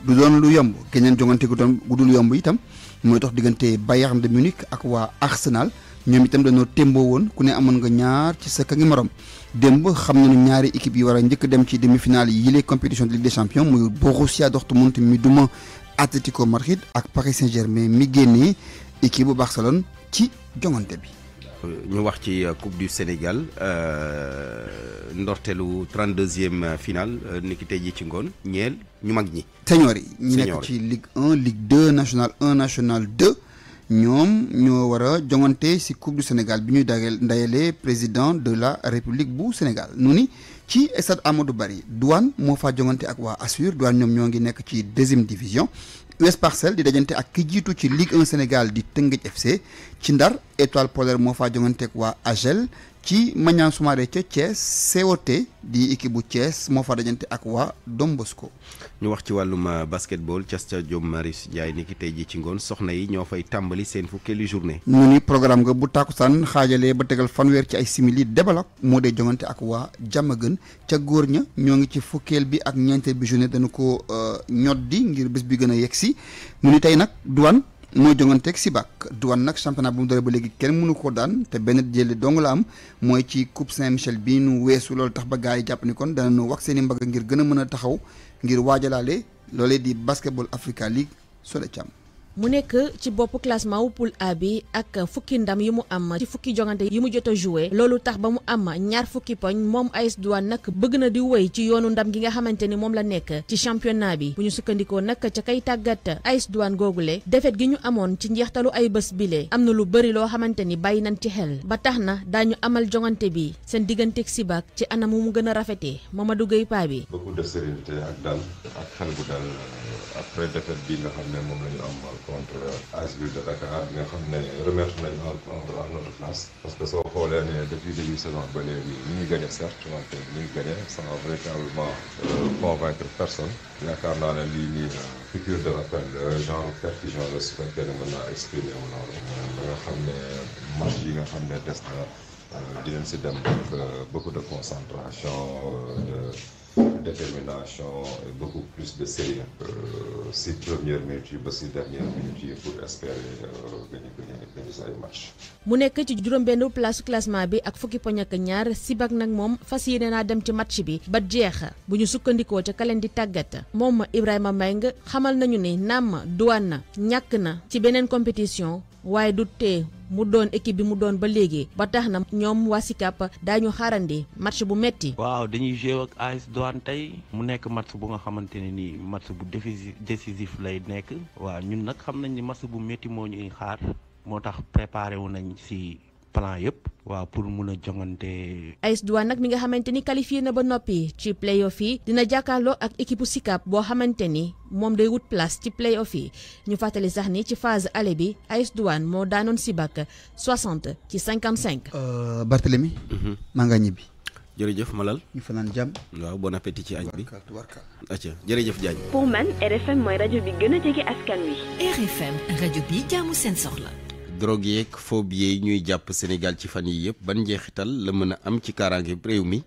du doon lu yomb keneen jongante gu doon gu dul yomb itam mooy dox diggante Bayern de Munich ak waa Arsenal ñoom itam dañoo témboo woon ku ne amoon nga ñaar ci sa kangi moroom démb xam nañu ñaari équipe yi war a njëkk dem ci demi-finale yile compétition de Ligue des Champions muy Borussia Dortmund mi duma Atlético Madrid ak Paris Saint-Germain mi génnee équipe de Barcelone ci jongante bi. ñu wax ci Coupe du Sénégal euh, Notre 32e finale euh, niki tey ji ci ngoon ñeel ñu mag ñi. Ligue 1 Ligue 2 National 1 National 2 ñom ñoo wara ci coupe du Sénégal président de la république du Sénégal nuni ci stade Amadou Barry douane jongante ak wa assure douane ñom deuxième division US parcelle di dajante ak ki ci Ligue Sénégal di FC ci Ndar Étoile Polaire jongante ak Agel ci Maniang Soumaré ca Thiès COT di équipe bu Thiès moo fa dajante ak waa Don Bosco ñu wax ci wàllum euh, basketball Thiès ca Diop Marius Ndiaye ni ki tey ji ci ngoon soxna yi ñoo fay tàmbali seen fukkeelu journée mu ni programme nga bu tàkkusaan xaajalee ba tegal fanweer ci ay simili débalak moo dee jongante ak waa Jamaagën ca góor ña ñoo ngi ci fukkeel bi ak ñeenteel bi journée dañu ko euh, ñoddi ngir bés bi gën a yegg si mu ni tey nag duwaan moo jonganteeg Sibac Douane nag championnat bu mu dooree ba léegi kenn mënu ko daan te benn jële dong la am mooy ci coupe Saint-Michel bii nu weesu loolu tax ba gars yi jàpp ni kon dana nu wax seeni i mbagg ngir gën a mën a taxaw ngir waajalaale loolee di basketball Africa League Sodecam. mu nekk ci bopp classement wu poule A bi ak fukki ndam yi mu am ci fukki jongante yi mu jot a loolu tax ba mu am ñaar fukki poñ moom AS Douanes nag bëgg na di woy ci yoonu ndam gi nga xamante ni moom la nekk ci championnat bi bu ñu sukkandikoo nag ca kay tàggat AS Douanes googule defet gi ñu amoon ci njeextalu ay bés bile am na lu bëri loo xamante ni bàyyi nañ ci xel ba tax na daañu amal jongante bi seen digganteeg Sibaak ci anam wu mu gën a rafetee Mamadou Gueye Paa bi. contre AS de Dakar nga xam ne remettre nañ en notre place parce que soo xoolee ne depuis début de saison nous léegi gagné certes nous ñu gagné sans véritablement euh, convaincre personne yaakaar naa ne lii nii euh, piqûre de rappel euh, genre perfusion la su fekkee ne mën naa exprimer wu noonu ba nga xam ne match yi nga xam ne des na beaucoup de concentration de détermination et beaucoup plus de sérieux. si ces minute minutes, ba si dernière minute pour espérer euh, gagner gagner gagner say match. mu nek ci juróom-benn place classement bi ak fukki poñ ak ñaar Sibak nak mom fas yéene naa dem ci match bi ba jeex buñu ñu sukkandikoo ca kaleen di tàggat moom Ibrahima Mbengue xamal nañu ne nam duwaan na na ci benen compétition waye du té mu doon équipe bi mu doon ba léegi ba tax na ñoom waa Sicap daañu xaarandi match bu metti waaw dañuy jouer ak AS Douane tey mu nekk match bu nga xamante ne nii match bu décisif lay nekk waaw ñun nag xam nañ ni match bu metti moo ñuy xaar moo tax préparé wu nañ si plan yëpp waaw pour mun a jongante. AS Douane nag mi nga xamante ni qualifié na ba noppi ci playoff yi dina jàkkaarloo ak équipe Sicap boo xamante ni moom day wut place ci playoff yi ñu fàttali sax ni ci phase aller bi AS Douane moo daanoon Sibac 60 ci 55. Euh, Barthélemy. Mhm. maa nga ñibbi. jërëjëf Malal. ñu fanaan jàmm. waaw bon appétit ci añ bi. jërëjëf Diagne. pour rajo bi gën a jege askan bi jaamu seen soxla. drogue yeeg phobie yi ñuy jàpp Sénégal ci fan yi yëpp ban njeexital la mën a am ci kaaraange réew mi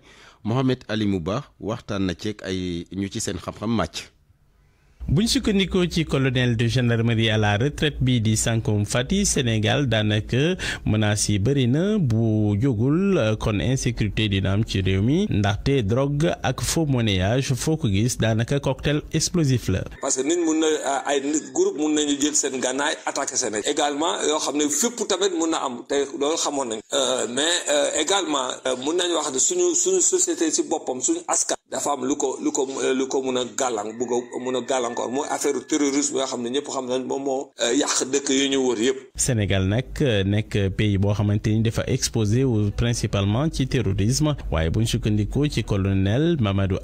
Mohamed Ali Mouba waxtaan na ceeg ay ñu ci seen xam-xam màcc. bu sukkandikoo ci colonel de gendarmerie à la retraite bi di Sankum Fati Sénégal daanaka menaces yi bëri na bu jógul euh, kon insécurité dina am ci réew mi ndaxte drogue ak faux monnayage foo ko gis daanaka cocktail explosif la. parce que nit mun na euh, ay groupe mun nañu jël seen gànnaay attaqué seen également yoo xam ne fépp tamit mun na am te loolu xamoon nañu. Euh, mais également mun nañu wax ne suñu suñu société ci boppam suñu askan dafa une euh, euh, Sénégal euh, pays exposé principalement ci terrorisme colonel Mamadou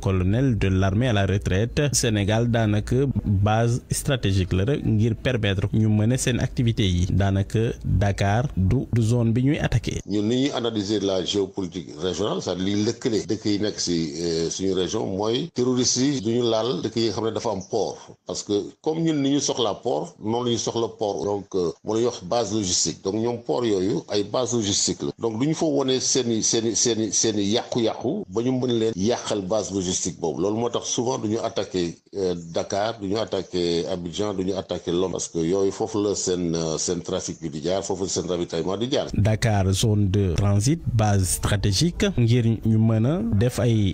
colonel de l'armée à la retraite Sénégal une base stratégique la ngir permettre ñu activités yi Dakar du zone bi ñuy attaquer ñun ni la géopolitique régionale euh, suñu région mooy terroristes yi du ñu laal dëkk yi nga xam ne dafa am port parce que comme ñun ni ñu soxlaa port noonu la ñu soxla port donc euh, mën nañu wax base logistique donc ñoom port yooyu ay base logistique la donc duñu ñu fa wone seeni seeni seeni seeni yàqu-yàqu ba ñu mën leen yàqal base logistique boobu loolu moo tax souvent du ñu attaqué euh, Dakar du ñu attaqué Abidjan du ñu attaqué Lom parce que yooyu foofu la seen seen trafic bi di jaar foofu la seen ravitaillement di jaar. Dakar zone de transit base stratégique ngir ñu mën a def ay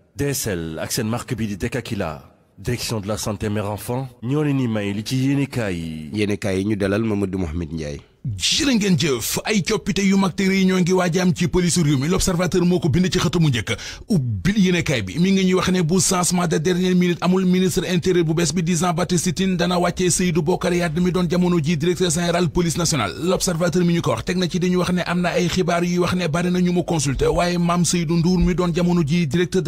DSL Axel seen marque bi di Dekakila direction de la santé mère enfant ñoo ni may li ci yéenekaay yi. yéenekaay yi ñu Mamadou Ndiaye. jërë ngeen jëf ay coppite yu mag te réunion ngi waajaam ci police réew mi l'observateur moo ko bind ci xëtamu njëkk ubbil yéenekaay bi mi ngi ñuy wax ne bu changement de dernière minute amul ministre intérieur bu bees bi di Jean-Baptiste dana wàccee Seydou Bokar Yade mi doon jamono ji directeur général police nationale l'observateur mi ñu ko wax teg na ci dañu wax ne am na ay xibaar yuy wax ne bari ñu mu consulter waaye Mame Seydou Ndour mi doon jamono ji directeur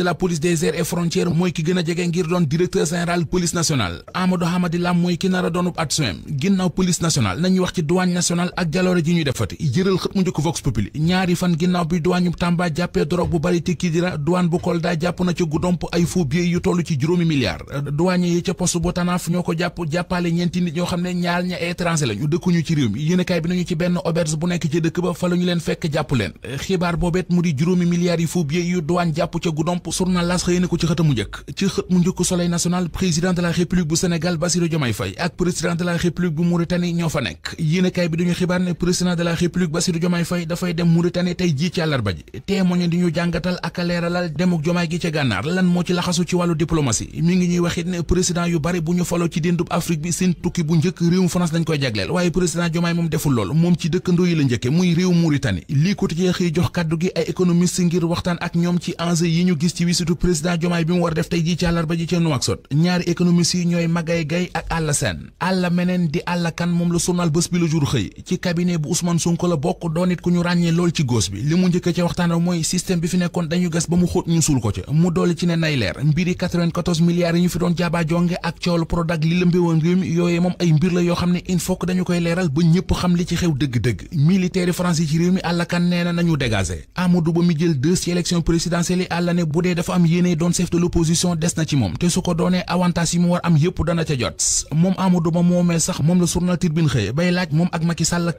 national ak jaloore ji ñuy defati jëral xët mu njëkk vox populi ñaari fan ginnaaw bi duwaañu Tamba jàppee drogue bu bari te Kidira bu Kolda jàpp na ci gudomp ay faux yu toll ci juróomi milliards euh, duwaañ yi ca poste bu Tanaaf ñoo ko jàpp jàppale ñeenti nit ñoo xam ne ñaar ña étranger lañu dëkkuñu ci réew mi yéenekaay bi nañu ci benn auberge bu nekk ci dëkk ba fa la leen fekk jàpp leen euh, xibaar boobet mu di juróomi milliards yi faux yu duwaan jàpp ñu xibaar ne président de la république Bassirou Diomaye Faye dafay dem Mauritanie tey jii ci di ñu jàngatal ak leeralal demuk Diomaye gi ci gànnaar lan moo ci laxasu ci wàllu diplomatie mi ngi ñuy waxit ne président yu bari bu ñu faloo ci déndub Afrique bi seen tukki bu njëkk réewum France dañ koy jagleel waaye président Diomaye moom deful lool moom ci dëkkandoo yi la njëkke muy réew Mauritanie lii ko tijee xëy jox kaddu gi ay économiste ngir waxtaan ak ñoom ci enjeu yi gis ci wisitu président Diomaye bi mu war def tey jii ci àllarba ji ci Nouakchott ñaari économiste yi ñooy Magaye Gaye di Alla Kane moom la sonal bés bi la jur xëy ci cabinet bu Ousmane Sonko la bokk doon it ku ñu ràññee lool ci gos bi li mu njëkk ca waxtaan mooy système bi fi nekkoon dañu gas ba mu xóot ñu suul ko ca mu dolli ci ne nay leer mbiri 94 milliards yi ñu fi doon jaaba jonge ak coolu Prodac li lëmbe woon réew yoo xam ne il faut que dañu koy leeral ba ñëpp xam li ci xew dëgg-dëgg militaire yi àllakan nee na nañu dégagé Amadou Ba mi jël ci élection présidentielle yi àlla ne bu dee dafa am yéene doon chef de l'opposition des na ci moom te su ko doonee avantage jot moom Amadou Ba moomee sax moom la journal Tribune xëye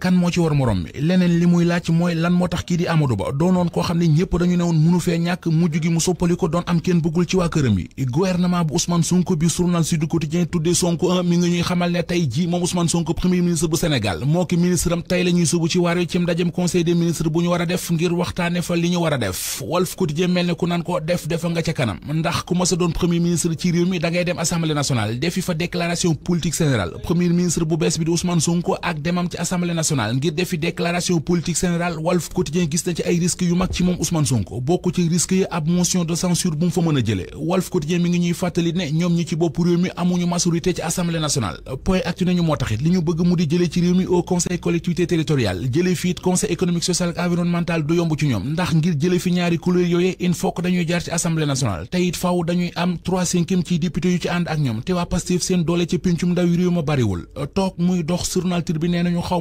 kan moo ci war morom bi leneen li muy laaj mooy lan moo tax kii di Amadou Ba doonoon koo xam ne ñëpp dañu ne woon munu fee ñàkk mujj gi mu soppali doon am kenn bëggul ci waa këram yi gouvernement bu Ousmane Sonko bi journal Sud Quotidien tuddee Sonko 1 ah, mi ngi ñuy xamal ne tey ji moom Ousmane Sonko premier ministre bu Sénégal moo ki ministre tey la subu ci waar yi ci ndajem conseil des ministres bu ñu war def ngir waxtaane fa li ñu war def Walf da ngay dem assemblée nationale defi fa déclaration politique générale premier ministre bu bees bi di nationale ngir defi déclaration politique générale Wolf Quotidien gis na ci ay risque yu mag ci mom Ousmane Sonko bokku ci risques yi ab motion de censure bu mu fa mën a Wolf Quotidien mi ngi ñuy fatali ne ñom ñi ci bop réew mi amuñu majorité ci assemblée nationale point actu nañu mo taxit li ñu bëgg mu di jëlee ci réew mi au conseil collectivité territoriale jëlee fi conseil économique social et environnemental du yomb ci ñom ndax ngir jëlee fi ñaari couleur yoyé une fois que dañuy jaar ci assemblée nationale te it faaw dañuy am 3/5e ci député yu ci and ak ñom te wa Pastef seen doole ci pinchum ndaw yu réew ma wul tok muy dox journal Tribune nañu xaw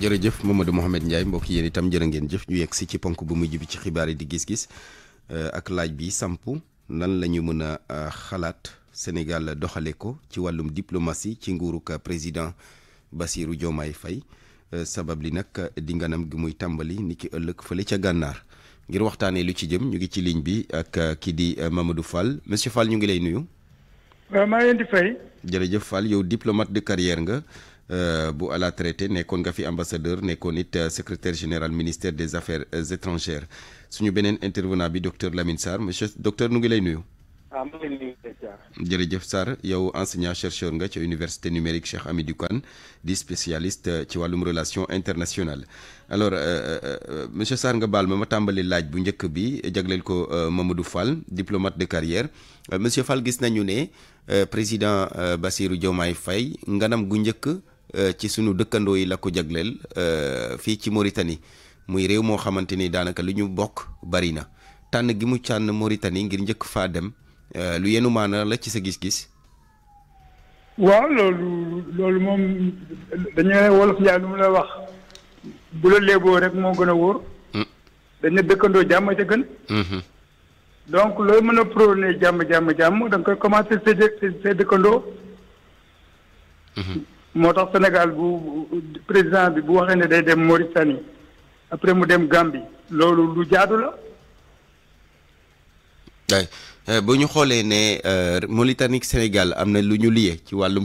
jërëjëf Mamadou Mouhamed Ndiaye mbokk yéen itam jërë ngeen jëf ñu yegg si ci ponk bu mujj bi ci xibaar yi di gis-gis euh, ak laaj bi samp nan lañu ñu mën a euh, xalaat Sénégal doxale ko ci wàllum diplomatie ci nguuruk président Bassirou Diomaye Faye euh, sabab li nag di nganam gi muy tàmbali ni ki ëllëg fële ca gànnaar ngir waxtaanee lu ci jëm ñu ngi ci ligne bi ak kii di Mamadou Fall monsieur Fall ñu ngi lay nuyu. waaw maa leen di fay. jërëjëf Fall yow diplomate de carrière nga. Euh, bu à la traité nekkoon nga fi ambassadeur nekkoon it euh, secrétaire général ministère des affaires euh, étrangères suñu beneen intervenant bi docteur Lamine Sarr monsieur docteur nu ngi lay nuyu. Ah, jërëjëf Sarr yow enseignant chercheur nga l'Université université numérique Cheikh Hamidou Kane di spécialiste ci wàllum relation internationale alors monsieur Sarr nga baal ma ma tàmbali laaj bu njëkk bi jagleel ko Mamadou Fall diplomate de carrière monsieur Fall gis nañu ne président Bassirou Diomaye Faye nganam gu njëkk Euh, ci sunu dëkkandoo yi la ko jagleel euh, fii ci moritani muy réew moo xamante ni daanaka lu ñu bokk bari na tànn gi mu cànn Mauritanie ngir njëkk faa dem euh, lu yenu maana la ci sa gis-gis. waaw loolu loolu moom dañu wolof njaay lu mu la wax bu la léeboo rek moo gën a wóor. Hmm. dañ dëkkandoo jàmm ca gën. Hmm. donc loolu mën a prôné jàmm jàmm jàmm da koy commencé sa dëkkandoo. Hmm. moo Sénégal bu président bi bu waxee Mauritanie après mu Gambi. lu euh, ne euh, Mauritanie Sénégal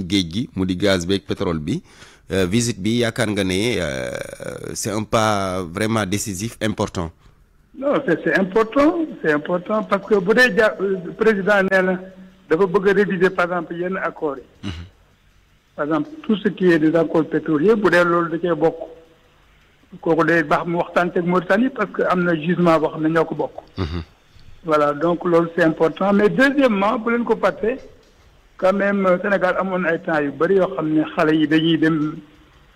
ci gaz pétrole bi euh, visite bi c'est un pas vraiment décisif important. non c'est important c'est important parce que le président nee na dafa réviser par exemple accords mm-hmm par exemple tout ce qui est des accords pétroliers bu dee loolu da cee bokk kooku day baax mu waxtaan ak Mauritanie parce que am na gisement boo xam ne ñoo ko bokk. Mhm. voilà donc loolu c'est important mais deuxièmement bu leen ko fàtte quand même euh, Sénégal amoon ay temps yu bari yoo xam ne xale yi dañuy dem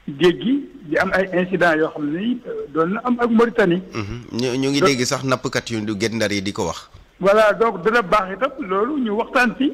géej gi di am ay incidents yoo xam ne euh, doon na am ak Mauritanie. Mhm. ñu ñu ngi dégg sax nappkat yu Guet Ndar yi di ko wax. voilà donc la baax itam loolu ñu waxtaan ci.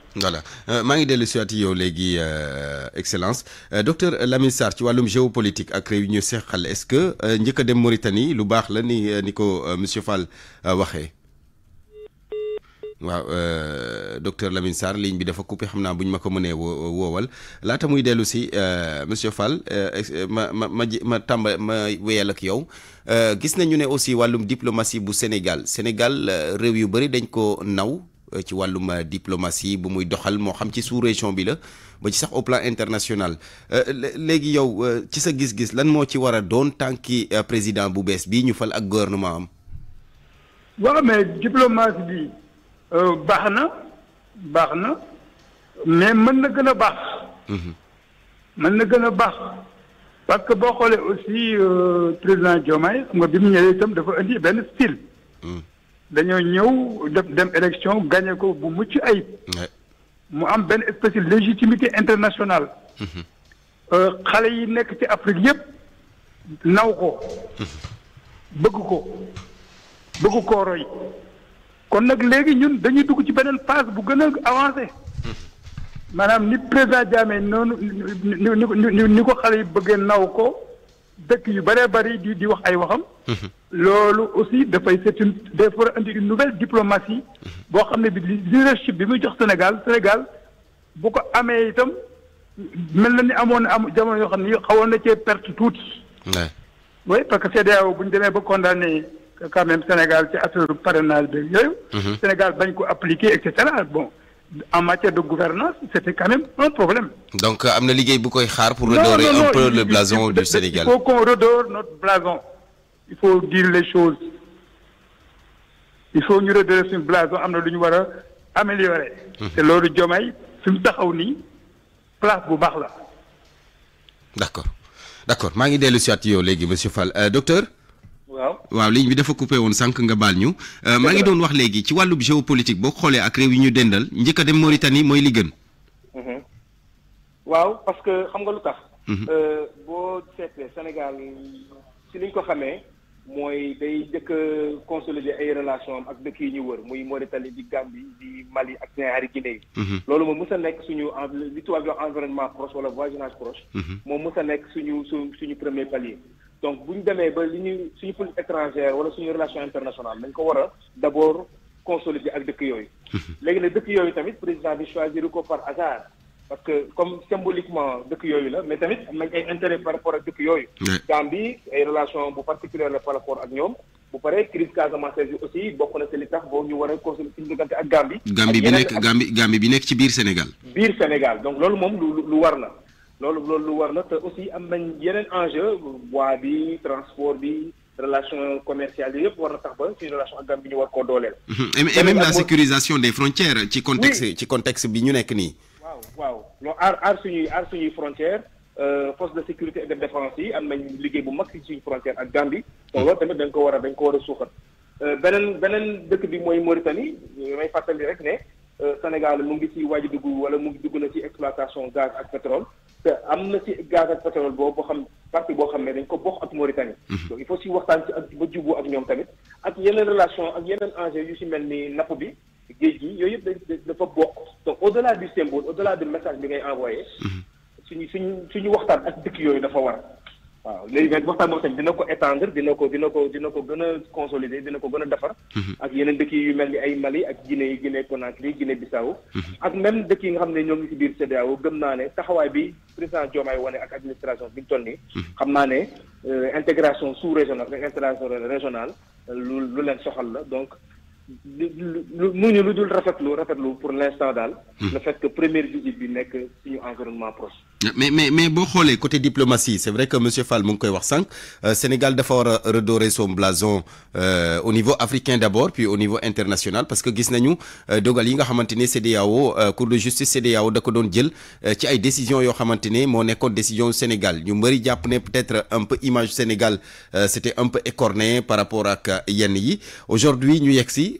voilà euh, mangi ngi dellu yow legui euh, excellence euh, docteur Lamine sar ci walum géopolitique ak réew yi ñu est-ce que njëkk dem Mauritanie lu bax la ni niko monsieur Fall waxee waaw docteur Lamine sar ligne bi dafa couper xamna buñ mako ñu wowal ko muy monsieur Fall ma ma ma ma tàmba ma wéyal ak yow gis nañu ne aussi walum diplomatie bu Sénégal Sénégal réew yu bëri dañ ko naw euh, ci walum euh, diplomatie bu muy doxal mo xam ci sous-région bi la ba ci sax au plan international euh, léegi yow ci sa gis-gis lan mo ci wara a doon tànki président bu bees bii ñu fal ak gouvernement am. waaw mais diplomatie bi baax baxna mais man na gën bax baax. mën na gën bax mhm. parce que bo xolé aussi président Diomaye xam nga bi mu ñëwee dafa andi ben style. Mhm. dañoo ñëw def dem élection gagné ko bu mucc ay mu am benn espèce de légitimité internationale. Mhm. Euh, xale yi nekk ci Afrique yépp naw ko. Mhm. bëgg ko bëgg ko roy kon nag léegi ñun dañuy dugg ci beneen phase bu gën a avancé. Mhm. maanaam ni président Dramé noonu ni ni ni ko xale yi bëggee naw ko. dëkk yu bëree bari di di wax ay waxam. Mhm. loolu aussi dafay c'est une day war a une nouvelle diplomatie. Mhm. boo xam ne bi leadership bi muy jox Sénégal Sénégal bu ko amee itam mel na ni amoon am jamono yoo xam ne xawoon na cee perte tuuti. oui parce que CEDEAO bu ñu demee ba condamné quand même Sénégal ci affaire parrainage bi yooyu. Mhm. Sénégal bañ ko appliquer et cetera bon en matière de gouvernance, c'était quand même un problème. Donc, euh, Amna Boukoy pour redorer un peu le blason du Sénégal. Il faut qu'on redore notre blason. Il faut dire les choses. Il faut nous redorer ce blason. Amna nous améliorer. Hum. C'est l'heure de Diomaye. C'est une Place Boubarla. D'accord. D'accord. Mangi donner le Monsieur Fall. Euh, docteur? waaw bi dafa coupé woon sànq nga baal ñu. Euh, maa ngi doon wax léegi ci wàllub géopolitique boo xoolee ak réew yi ñu dendal Mauritanie mooy li mhm. waaw parce que xam nga lu mhm. euh, Sénégal si liñ ko xamee mooy day njëkk consolider ay relation am ak dëkk yi ñu wër Mauritanie di Gambie di Mali ak Guinée mhm. loolu suñu environnement proche wala voisinage proche. moom a suñu suñu premier palier donc buñ ñu demee ba li ñuy suñu politique étrangère wala suñu relation internationale dañ ko war a d' abord consolider ak dëkk yooyu. Mhm. léegi nag dëkk yooyu tamit président bi choisir ko par hasard. parce que comme symboliquement dëkk yooyu la mais tamit am nañ ay intérêt par rapport ak dëkk yooyu. Gambie ay relation bu particulière la par rapport ak ñoom. bu paree crise Casamance bi aussi bokk na ci li tax boobu ñu war a consolider suñu diggante ak Gambie. ak Gambie bi nekk Gambie bi nekk ci biir Sénégal. biir Sénégal donc loolu moom lu lu war la loolu loolu lu war la te aussi am nañ yeneen enjeu bois bi transport bi relation commerciale yi yëpp war na tax ba suñu relation ak Gambie bi ñu war koo dooleel. Mhm. et même la sécurisation des frontières. ci contexte ci contexte bi ñu nekk nii. waaw waaw loo aar aar suñuy aar suñuy frontières euh, force de sécurité et de défense yi am nañ liggéey bu mag ci suñu frontière ak Gambie. donc mhm. loolu tamit dañ ko war a dañ ko war a suuxat euh, beneen beneen dëkk bi mooy Mauritanie may fàttali rek ne. Euh, Sénégal mu ngi ci waaj dugg wala mu ngi dugg na ci exploitation gaz ak pétrole te am na ci gaz ak pétrole boobu boo xam partie boo xam ne dañ ko bokk ak Mauritanie. Mhm. donc il faut si waxtaan ci ak ba juboo ak ñoom tamit ak yeneen relation ak yeneen enjeux yu si mel ni napp bi géej gi yooyu yëpp dafa bokk donc au delà du symbole au delà du message bi ngay envoyé. Mhm. suñu suñu suñu waxtaan ak dëkk yooyu dafa war. waaw léegi nag waxtaan boobu tamit dina ko étendre dina ko dina ko dina ko gën a consolider dina ko gën a defar. Mhm. ak yeneen dëkk yu mel ni ay Mali ak Guinée Guinée Conakry Guinée Bissau. Mhm. ak même dëkk yi nga xam ne ñoo ngi ci biir CEDEAO gën naa ne taxawaay bi président Diomaye wane ak administration bi ñu toll nii. Mhm. xam naa ne euh, intégration sous régionale ak intégration régionale euh, lu lu leen soxal la donc. muñu lu dul rafetlo rafetlo pour l'instant dal hmm. le fait que première visite bi nekk un environnement proche. mais mais mais bo xolé côté diplomatie c'est vrai que monsieur Fall mon koy wax euh, Sénégal dafa redorer son blason euh, au niveau africain d'abord puis au niveau international parce que gis nañu euh, dogal yi nga xamante CDAO Cour de justice CDAO da ko doon jël ci ay décisions yo xamante mo moo décision Sénégal ñu bëri japp ne peut-être un peu image Sénégal c'était un peu écorné par rapport à yenn yi aujourd'hui ñu yexi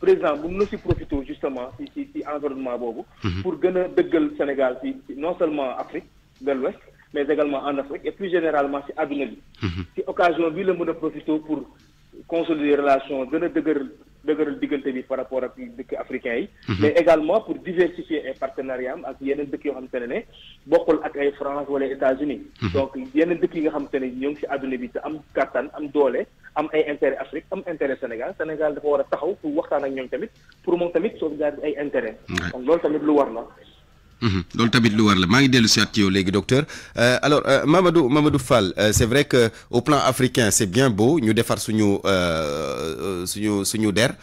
président nous nous si justement si ci ci environnement bobu mhm. pour gëna a Sénégal si non seulement Afrique de l'Ouest mais également en Afrique et plus généralement si aduna bi. si mhm. occasion bi le mëna profiter pour consolider relations, relations a dëgëral diggante bi par rapport ak dëkk africains yi. Mhm. mais également pour diversifier ay partenariat am ak yeneen dëkk yoo xam te ne ne bokkul ak ay France wala États-Unis mhm. donc yeneen dëkk yi nga xam te ne ñoo ngi si àdduna bi te am kattan am doole am ay intérêt Afrique am intérêt Sénégal Sénégal dafa war a taxaw pour waxtaan ak ñoom tamit pour moom tamit sauvegarder ay intérêt donc loolu tamit lu war la Donc, mhm. tamit lu war la maa ngi dellu si ci yow léegi docteur euh, alors euh, Mamadou Mamadou Fall euh, c'est vrai que au plan africain c'est bien beau ñu defar suñu suñu suñu der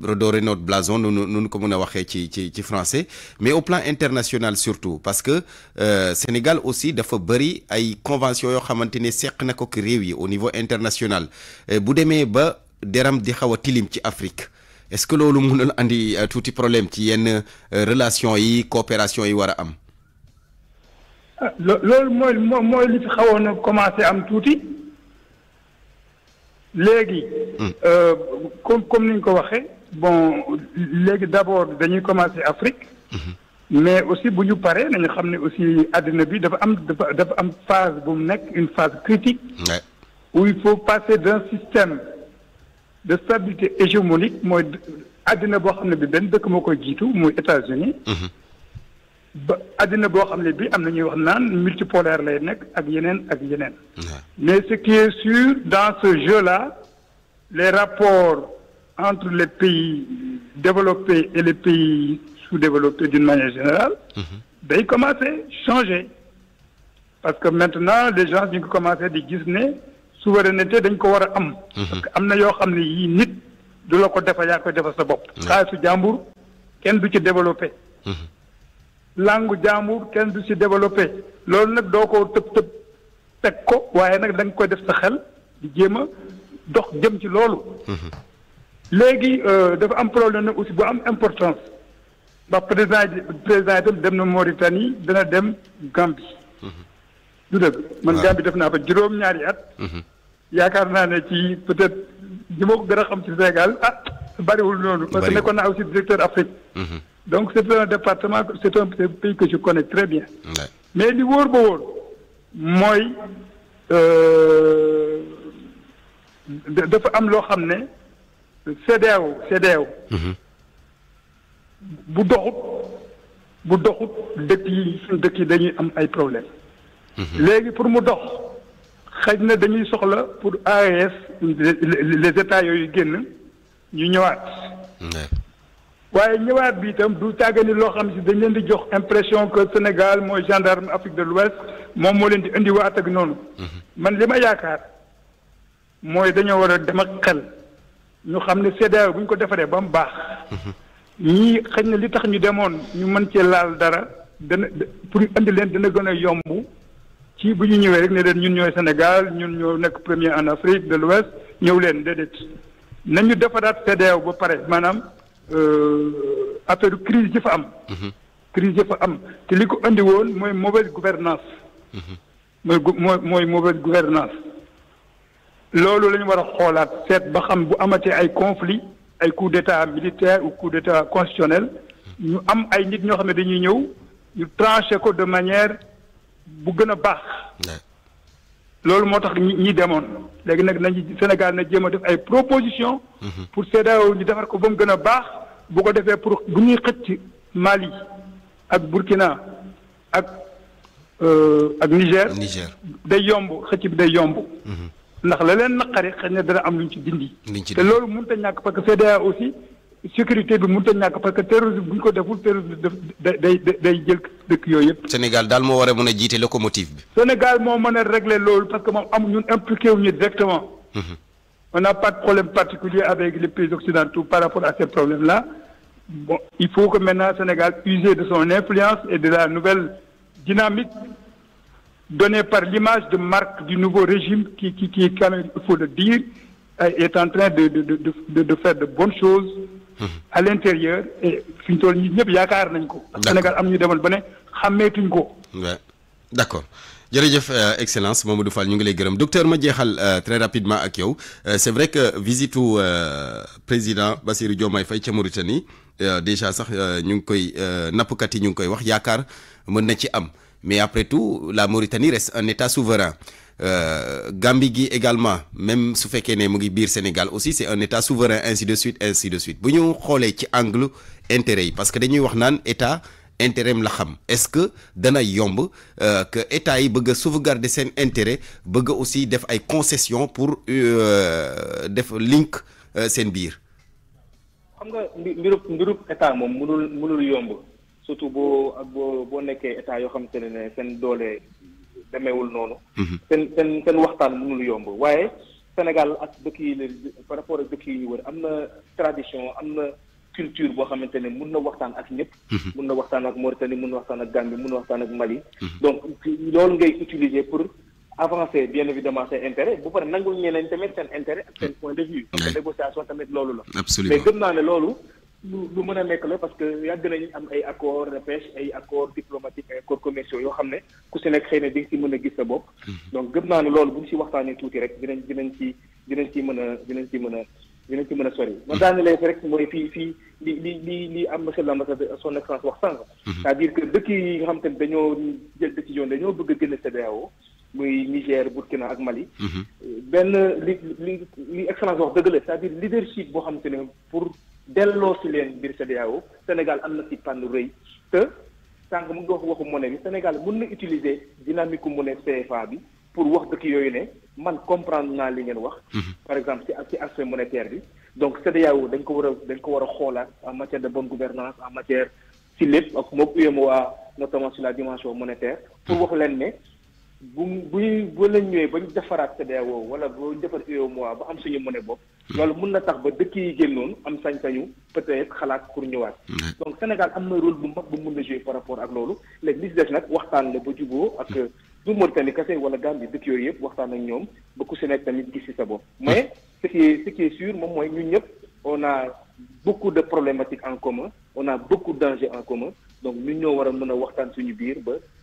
redorer notre blason nous nous ko mën a ci ci français mais au plan international surtout parce que Sénégal aussi dafa bëri ay convention yoo xamante ne na ko réew yi au niveau international bu demee ba deram di xaw tilim ci Afrique est-ce que loolu mënul andi euh, touti problème ci yenn euh, relation yi coopération yi wara am. Ah, loolu moy moy li fi xawoon a commencé am touti légui hmm. euh, comme comme niñ ko waxé bon légui d'abord dañuy commencé Afrique. Hmm. mais aussi bu ñu paree nañu xamné aussi adina bi dafa am dafa am phase bu nek une phase critique. où il faut passer d'un système de stabilité hégémonique moy adina bo xamné bi ben dëkk moo jitu moy États-Unis mhm. ba àddina boo xam bi am ñuy wax naan multipolaire lay nek ak yenen ak yenen mais ce qui est sûr dans ce jeu là les rapports entre les pays développés et les pays sous-développés d'une manière générale mhm. day commencer changer parce que maintenant les gens ont commencé commencer di souveraineté dañ ko war a am. Mhm. parce am na yoo xam ne yii nit du la ko defal yaa koy defal sa bopp. xaalisu jàmbur kenn du ci développé. Mhm. langue jàmbur kenn du ci développé loolu nag doo ko tëb tëb teg ko waaye nag danga nga koy def sa xel di jéem a dox jëm ci loolu. Mhm. léegi euh, dafa am problème nag aussi bu am importance ndax président président itam dem na Mauritanie dana dem Gambie. du dëgg man Gambie def naa fa juróom-ñaari at. yaakaar naa ci peut-être ñi ma ah que directeur Afrique. Mhm. donc c'est un département c'est un pays que je connais très bien. mais li wóor euh, dafa am mhm. bu doxut bu doxut dëkk problèmes. pour xaj na dañuy soxla pour AES e les états yooyu génn ñu ñëwaat. waaye ñëwaat bi itam du tàggani loo xam si dañ leen di jox impression que Sénégal mooy gendarme Afrique de l'Ouest moom moo leen di indiwaat ak noonu. Mm-hmm. man li ma yaakaar mooy dañoo war a dem ak xel ñu xam ne CEDEAO bu ñu ko defaree ba mu baax. Mm-hmm. ñii xëy na li tax ñu demoon ñu mën cee laal dara dana pour indi leen dana gën a yomb. ci bu ñu ñëwee rek ne leen ñun ñooy Sénégal ñun ñoo nekk premier en Afrique de l'Ouest ñëw leen déedéet nañu defaraat CEDEAO ba pare maanaam euh, affaire crise yi fa am. Mhm. crise yi fa am te li ko andi woon mooy mauvaise gouvernance mhm. mooy mooy mooy mauvaise gouvernance loolu la ñu war a xoolaat seet ba xam bu amatee ay conflit ay coup d'état militaire ou coup d'état constitutionnel ñu am ay nit ñoo xam ne dañuy ñëw ñu tranché ko de manière bu gën a baax. loolu ñi demoon léegi Sénégal na proposition mhm. pour CEDEAO ñu defar ko ba mu pour bu ñuy Mali ak Burkina ak euh, ak Niger. day yomb bi day yomb. Mhm. la leen naqari xëy na am luñ ci dindi. que aussi sécurité de mënut parce que terrorisme bu ko deful terrorisme de day day jël dëkk yooyu yëpp. Sénégal daal moo war a mën a jiite locomotive Sénégal moo a régler loolu parce que moom am ñun impliqué ñu directement. Mhm. on n'a pas de problème particulier avec les pays occidentaux par rapport à ces problèmes là bon il faut que maintenant Sénégal use de son influence et de la nouvelle dynamique donnée par l'image de marque du nouveau régime qui qui qui il faut le dire est en train de de de de faire de bonnes choses à l'intérieur, et fi ñu toll yaakar nañ ko. Sénégal am ñu demal ils ne xàmmeetuñ ko. d'accord jërëjëf euh, excellence Mamadou Fall ñu ngi lay gërëm docteur ma jeexal euh, très rapidement ak yow euh, C'est vrai que visitu président Bassirou Diomaye à Mauritanie déjà sax ñu ngi koy nappkat yi ñu ngi koy wax yaakar mën na ci am mais après tout la Mauritanie reste un état souverain. Euh, Gambie également même su fekkee ne mu Sénégal aussi c'est un état souverain ainsi de suite ainsi de suite bu ñu xoolee ci angle intérêt parce que dañuy wax naan état intérim la xam est-ce que dana yomb euh, que état yi bëgg sauvegarder seen intérêt bëgg aussi def ay concessions pour euh, def link seen biir. xam nga mbirub état moom mënul mënul yomb surtout boo boo boo nekkee état yoo xamante ne seen doole demeewul noonu. Mhm. seen seen seen waxtaan mënul yomb waaye Sénégal ak dëkk yi la par rapport ak dëkk yi ñu wër am na tradition am na culture boo xamante ne mun na waxtaan ak ñëpp. Mhm. mun na waxtaan ak Mauritanie mun na waxtaan ak Gambie mun na waxtaan ak Mali. Mhm. donc loolu ngay utiliser pour. avancer bien évidemment seen intérêt bu pare nangul ñeneen tamit seen intérêt ak seen point de vue. parce que négociation tamit loolu la. mais gëm naa ne loolu. lu lu mën a nekk la parce que yàgg nañu am ay accord de pêche ay accord diplomatique ay accord commerciaux yoo xam ne ku si nekk xëy na di si mën a gis sa bopp. Mm-hmm. donc gëm naa ne loolu bu ñu si waxtaanee tuuti rek dinañ dinañ ci dinañ ci mën a dinañ ci mën a dinañ ci mën a sori. ma daanelee fi rek mooy fii fii li li li li am monsieur l'ambassadeur son excellence wax sànq. Mm-hmm. dire que dëkk xam te dañoo décision dañoo bëgg a génn CEDEAO muy Niger Burkina ak Mali. Mm-hmm. delloo si leen biir CEDEAO Sénégal am na si pànn rëy te sànq mu ngi wax waxu monnaie bi Sénégal mën na utiliser dynamique monnaie CFA bi pour wax dëkk yooyu ne man comprendre naa li ngeen wax. Mhm. par exemple ci ci aspect monétaire bi. donc CDAO e dañ ko war a dañ ko war a xoolaat en matière de bonne gouvernance en matière si lépp ak moom UEMOA notamment sur la dimension monétaire pour mhm. wax leen ne. bu bu ñuy ba lañ ñëwee ba ñu defaraat CEDEAO wala ba defar UEMOA e ba am suñu monnaie bopp. Hmm. loolu mun na tax ba dëkk yi génnoon am sañ-sañu peut-être xalaat pour ñëwaat. Hmm. donc Sénégal am na rôle bu mag bu mun na jouer par rapport ak loolu léegi li des nag waxtaan la ba juboo ak hmm. du Mauritanie kese wala Gambie dëkk yooyu yëpp waxtaan ak ñoom ba ku si nekk tamit gis si sa bopp. mais ce qui est moom mooy ñu ñëpp on a beaucoup de problématiques en commun. on a beaucoup de dangers en commun donc nous devons war a mën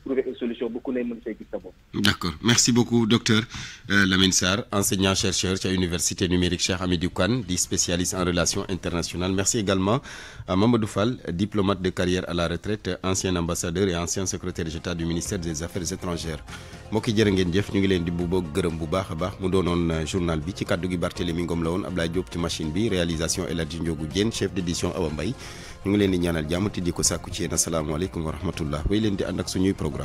trouver une solution Beaucoup de ne mën see gis merci beaucoup docteur euh, Lamine Sarr enseignant chercheur à l'Université numérique Cheikh Hamidou Kane dit spécialiste en relations internationales merci également à Mamadou Fall diplomate de carrière à la retraite ancien ambassadeur et ancien secrétaire d'état du ministère des affaires étrangères Je yi jërë ngeen jëf ñu ngi leen di bu bëgg gërëm bu baax mu euh, journal bi ci kàddu gi Barthélémy Ngom la Diop ci machine bi réalisation El la Ndiogou Diène chef d'édition édition Mbaye ñu ngi leen di ñaanal jàmm te di ko sàkku ci yéen asalaamaaleykum wa rahmatullah bay leen di ànd ak suñuy programme